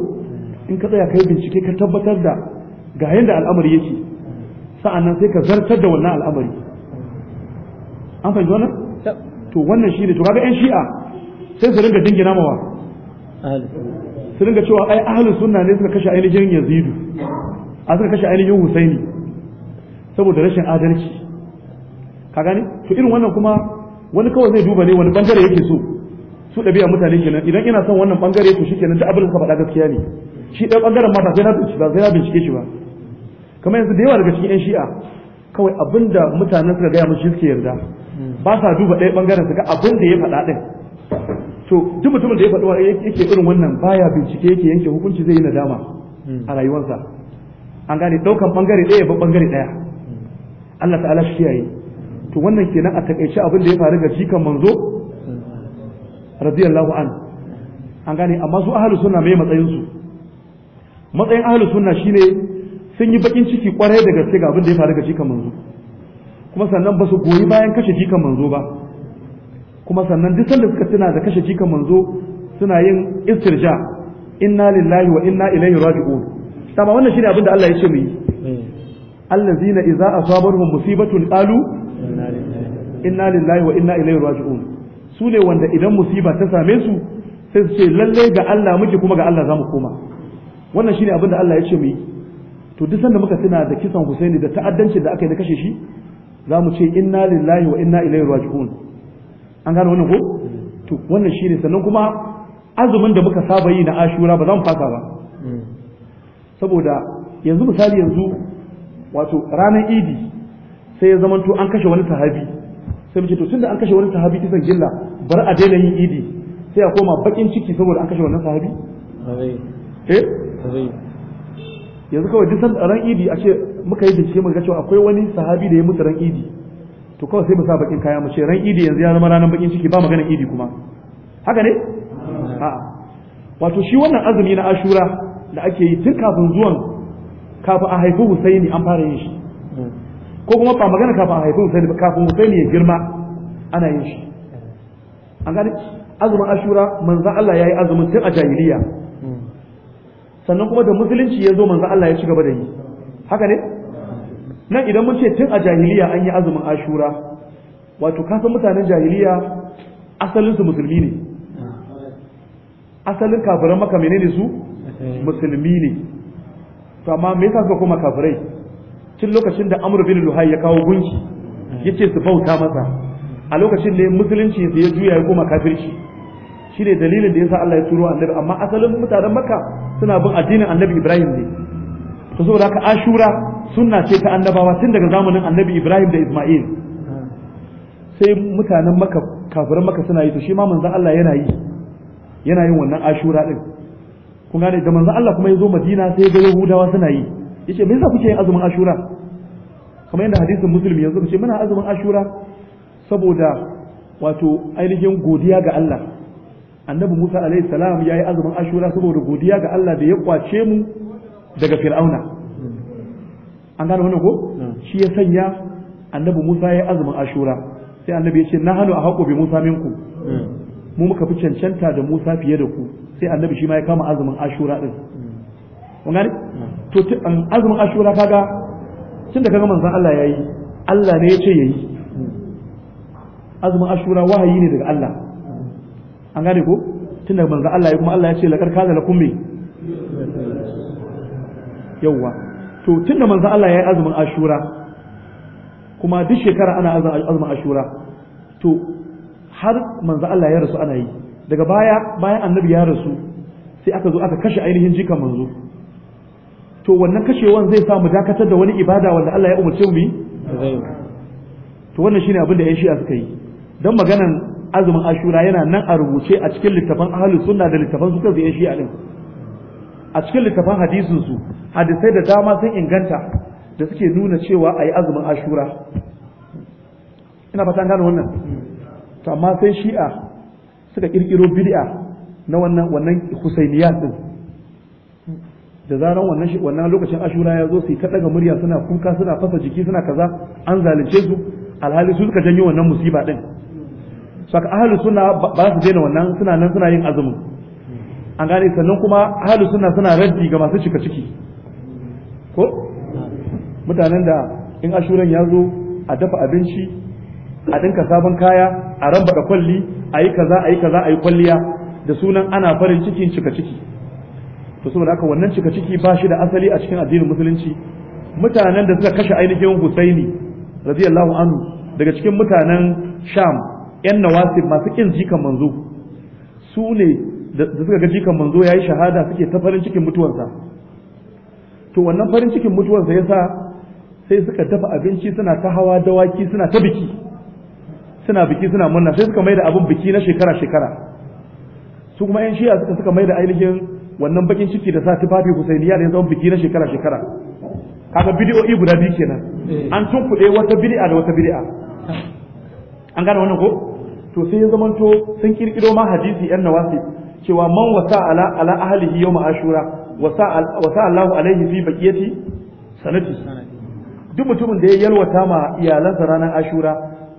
in ka tsaya kai bincike ka tabbatar da ga yadda al'amari yake sa'annan sai ka zartar da wannan al'amari an fahimci wannan to wannan shi ne to kaga 'yan shi'a sai su ringa dingina mawa su ringa cewa ai ahli sunna ne suka kashe ainihin yazidu a suka kashe ainihin husaini saboda rashin adalci ka gane to irin wannan kuma wani kawai zai duba ne wani bangare yake so su ɗabi'a mutane kenan idan ina son wannan bangare to shikenan duk abin da ka faɗa gaskiya ne shi ɗaya bangaren ma ba sai na bincike ba sai na bincike shi ba kamar yanzu da yawa daga cikin 'yan shi'a kawai abin da mutanen suka gaya musu suke yarda ba sa duba ɗaya bangaren su ga abin da ya faɗa ɗin to duk mutumin da ya faɗi yake irin wannan baya bincike yake yanke hukunci zai yi nadama a rayuwarsa an gane ɗaukan bangare ɗaya ba bangare ɗaya Allah ta'ala shi kiyaye to wannan kenan a takaice abin da ya faru ga jikan manzo radiyallahu an an gane amma su ahlus sunna mai matsayin su matsayin ahlus sunna shine sun yi bakin ciki kwarai da gaske ga abin da ya faru ga jikan manzo kuma sannan ba su goyi bayan kashe jikan manzo ba kuma sannan duk sanda suka tuna da kashe jikan manzo suna yin istirja inna lillahi wa inna ilaihi raji'un sama wannan shine abin da Allah ya ce mu yi eh. allazina idza asabarhum musibatun qalu inna lillahi wa inna ilaihi raji'un su ne wanda idan musiba ta same su sai su ce lalle ga Allah muke kuma ga Allah zamu koma wannan shine abin da Allah ya ce mu yi to duk sanda muka tuna da kisan Husaini da ta'addancin da aka yi da kashe shi zamu ce inna lillahi wa inna ilaihi raji'un an gano wannan ko to wannan shine sannan kuma azumin da muka saba yi na Ashura ba zan fasa ba saboda yanzu misali yanzu wato ranar Idi sai ya zamanto an kashe wani sahabi sai mace to tunda an kashe wani sahabi kisan gilla bar a daina yin idi sai a koma bakin ciki saboda an kashe wannan sahabi eh? yanzu kawai duk ran idi a ce muka yi bincike muka ga cewa akwai wani sahabi da ya mutu ran idi to kawai sai mu sa bakin kaya mu ce ran idi yanzu ya zama ranar bakin ciki ba maganar idi kuma haka ne wato shi wannan azumi na ashura da ake yi tun kafin zuwan kafin a haifi husaini an fara yin shi ko kuma ba magana kafin a haifi Husaini ba kafin Husaini ya girma ana yin shi an gani azumin Ashura manzan Allah ya yi azumin tun a jahiliya sannan kuma da musulunci ya zo manzan Allah ya ci gaba da yi haka ne nan idan mun ce tun a jahiliya an yi azumin Ashura wato kasan mutanen jahiliya asalinsu musulmi ne asalin kafiran maka menene su musulmi ne to amma me yasa suka koma kafirai tun lokacin da amr bin luhai ya kawo gunki ce su bauta masa a lokacin ne musulunci ya juya ya koma kafirci ne dalilin da ya sa Allah ya turo annabi amma asalin mutanen makka suna bin addinin annabi ibrahim ne to da aka ashura sunna ce ta annabawa tun daga zamanin annabi ibrahim da isma'il sai mutanen makka kafiran makka suna yi to shi ma manzon Allah yana yi yana yin wannan ashura din kun gane da manzon Allah kuma ya zo madina sai ga yahudawa suna yi yace me yasa kuke yin azumin ashura kamar yadda hadisin muslim yanzu kace muna azumin ashura saboda wato ainihin godiya ga Allah annabi Musa alaihi salam yayi azumin ashura saboda godiya ga Allah da ya kwace mu daga fir'auna an gane wannan ko shi ya sanya annabi Musa yayi azumin ashura sai annabi ya ce a ahaqu bi Musa minku mu muka fi cancanta da Musa fiye da ku sai annabi shi ma ya kama azumin ashura din kun gane to azumin ashura kaga tun da kaga manzon Allah yayi Allah ne ya ce yayi azumin ashura wahayi ne daga Allah an gane ko tun da manzon Allah ya kuma Allah ya ce laqad kana lakum bi yawa to tun da manzon Allah yayi azumin ashura kuma duk shekara ana azumin ashura to har manzon Allah ya rasu ana yi daga baya bayan annabi ya rasu sai aka zo aka kashe ainihin jikan manzo to wannan kashewan zai samu dakatar da wani ibada wanda Allah ya umarce mu yi to wannan shine abin da ya shi suka yi dan maganan azumin ashura yana nan a rubuce a cikin littafan ahlus sunna da littafan suka zai shi din a cikin littafan hadisin su hadisai da dama sun inganta da suke nuna cewa ayi azumin ashura ina fata gane wannan to amma sai shi'a suka kirkiro bid'a na wannan wannan husainiyat din da zaran wannan wannan lokacin ashura ya zo su ta daga murya suna kuka suna fasa jiki suna kaza an zalunce su alhali su suka janyo wannan musiba din saka ahli sunna ba su daina wannan suna nan suna yin azumi an gane sannan kuma ahli suna suna raddi ga masu cika ciki ko mutanen da in ashuran ya zo a dafa abinci a dinka sabon kaya a rambada kwalli a yi kaza a yi kaza a yi kwalliya da sunan ana farin cikin cika ciki to saboda haka wannan cika ciki ba shi da asali a cikin addinin musulunci mutanen da suka kashe ainihin Husaini radiyallahu anhu daga cikin mutanen Sham yan nawasib masu kin jikan manzo su ne da suka ga jikan manzo yayi shahada suke ta farin cikin mutuwarsa to wannan farin cikin mutuwarsa yasa sai suka dafa abinci suna ta hawa dawaki suna ta biki suna biki suna murna sai suka maida abin biki na shekara shekara su kuma yan shiya suka suka maida ainihin wannan bakin ciki da sa tufafi husainiya ne ya zama biki na shekara shekara kaga bidiyoyi guda biyu kenan eh. an tunkuɗe wata bid'a da wata bid'a an gane wannan ko to sai ya zamanto sun kirkiro ma hadisi yan nawasi cewa man wasa ala ala ahlihi yawma ashura wasa wasa Allahu alaihi fi baqiyati sanati duk mutumin da ya yalwata ma iyalansa ranar ashura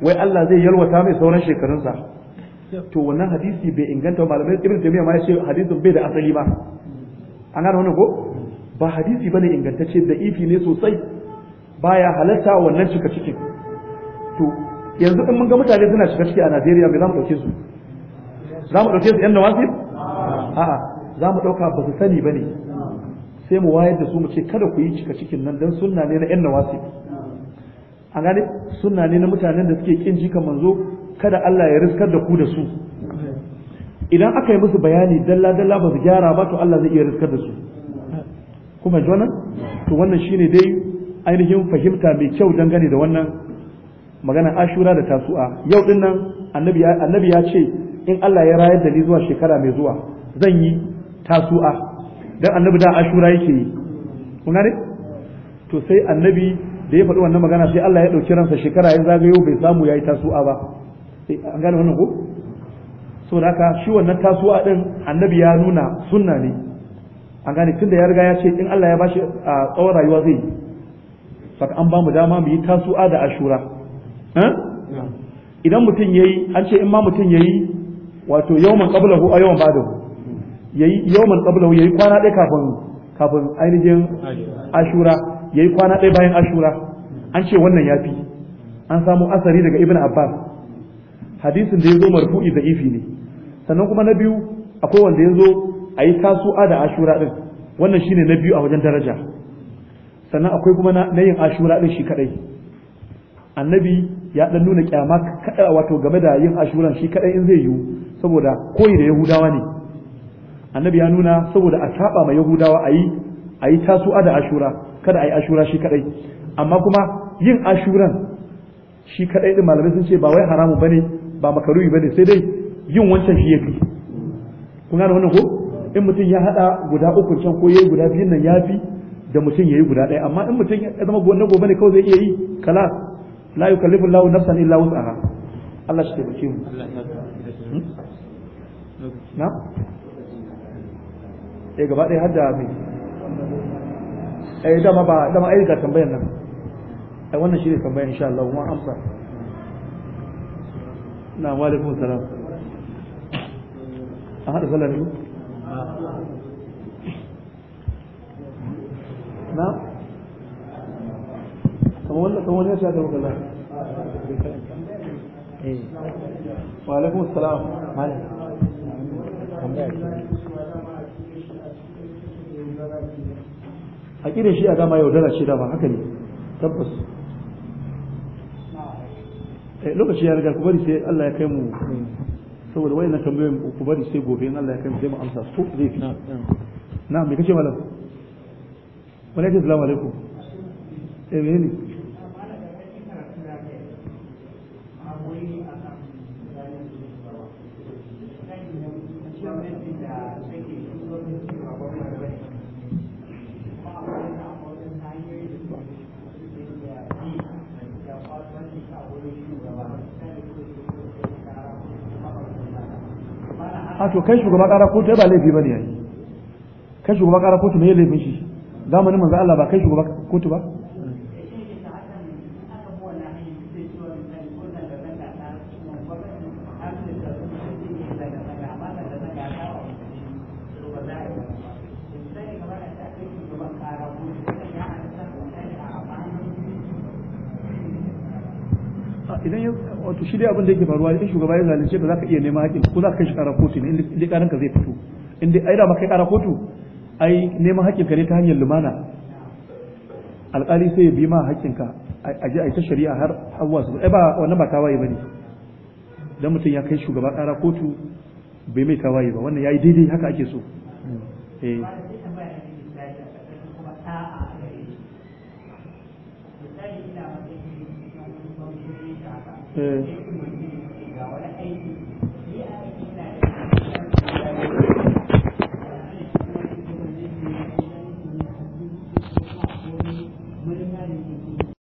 wai Allah zai yalwata mai sauran shekarunsa to wannan hadisi bai inganta ba malamai ibn taymiya ma ya ce hadisin bai da asali ba an gane wannan ko ba hadisi bane ingantacce da ifi ne sosai baya halatta wannan cika cikin. to yanzu in mun ga mutane suna shiga ciki a Najeriya me za mu dauke su za mu dauke su yan nawasi a'a za mu dauka ba su sani bane sai mu wayar da su mu ce kada ku yi cika cikin nan dan sunna ne na yan nawasi an gane sunna ne na mutanen da suke kin jikan manzo kada Allah ya riskar da ku da su idan aka yi musu bayani dalla dalla ba su gyara ba to Allah zai iya riskar da su kuma jona wannan to wannan shine dai ainihin fahimta mai kyau dangane da wannan magana ashura da tasu'a yau din nan annabi annabi ya ce in Allah ya rayar da ni zuwa shekara mai zuwa zan yi tasu'a dan annabi da ashura yake yi Kuna ne? to sai annabi da ya faɗi wannan magana sai Allah ya ɗauki ransa shekara ya zagayo bai samu ya yi tasu'a ba sai an gane wannan ko saboda haka shi wannan tasuwa din annabi ya nuna sunna ne an gane tunda ya riga ya ce in Allah ya bashi a tsawon rayuwa zai saka an ba mu dama mu yi tasu'a da ashura eh? idan mutum yayi an ce in ma mutum yayi wato yawman qablahu a yawman ba'dahu yayi yawman qablahu yayi kwana ɗaya kafin kafin ainihin ashura yayi kwana ɗaya bayan ashura an ce wannan yafi an samu asari daga ibn abbas hadisin da ya zo marfu'i da ifi ne sannan kuma na biyu akwai wanda ya zo a yi tasu'a da ashura ɗin wannan shine na biyu a wajen daraja sannan akwai kuma na yin ashura ɗin shi kadai annabi ya ɗan nuna kyama kada wato game da yin ashuran shi kadai in zai yiwu saboda koyi da yahudawa ne annabi ya nuna saboda a saba ma yahudawa ayi yi tasu'a da ashura kada a yi ashura shi kaɗai amma kuma yin ashuran shi kadai ɗin malamai sun ce ba wai haramu ne. ba makaruhi bane sai dai yin wancan shi yafi kun gane wannan ko in mutum ya hada guda uku can ko yayi guda biyun nan yafi da mutum yayi guda ɗaya amma in mutum ya zama gobe gobe ne kawai zai iya yi kalas la yukallifu Allahu nafsan illa wus'aha Allah shi taimake mu hmm? na eh gaba ɗaya hadda mai eh dama ba dama ai ga tambayar nan ai wannan shi ne tambayar insha Allah kuma amsa na walekun salam a haɗa sallah ne na kamar wanda kamar wani ya shaɗa eh. wakala walekun salam malam a ƙirin shi a dama yaudara ce dama haka ne tabbas Eh, lokaci ya riga ku bari sai Allah ya kai mu saboda wayannan tambayoyin ku bari sai gobe in Allah ya kai mu sai mu amsa su zai fi na me kace malam wa alaikum assalamu alaikum eh ne kai shugaban kara kotu ba laifi bane yayi kai shugaban kara kotu me laifin shi zamanin manzo Allah ba kai shugaban kotu ba shi dai abin da yake faruwa in shugaba ya zalunce ka zaka iya neman haƙƙin ko za ka kai shi ƙara kotu ne in dai ƙaranka ka zai fito in ai da maka ƙara kotu ai neman haƙƙin ka ne ta hanyar lumana alƙali sai ya bi ma haƙƙin ka a je a yi ta shari'a har abuwa su ba wannan ba tawaye bane dan mutum ya kai shugaba ƙara kotu bai mai tawaye ba wannan yayi daidai haka ake so eh Mm.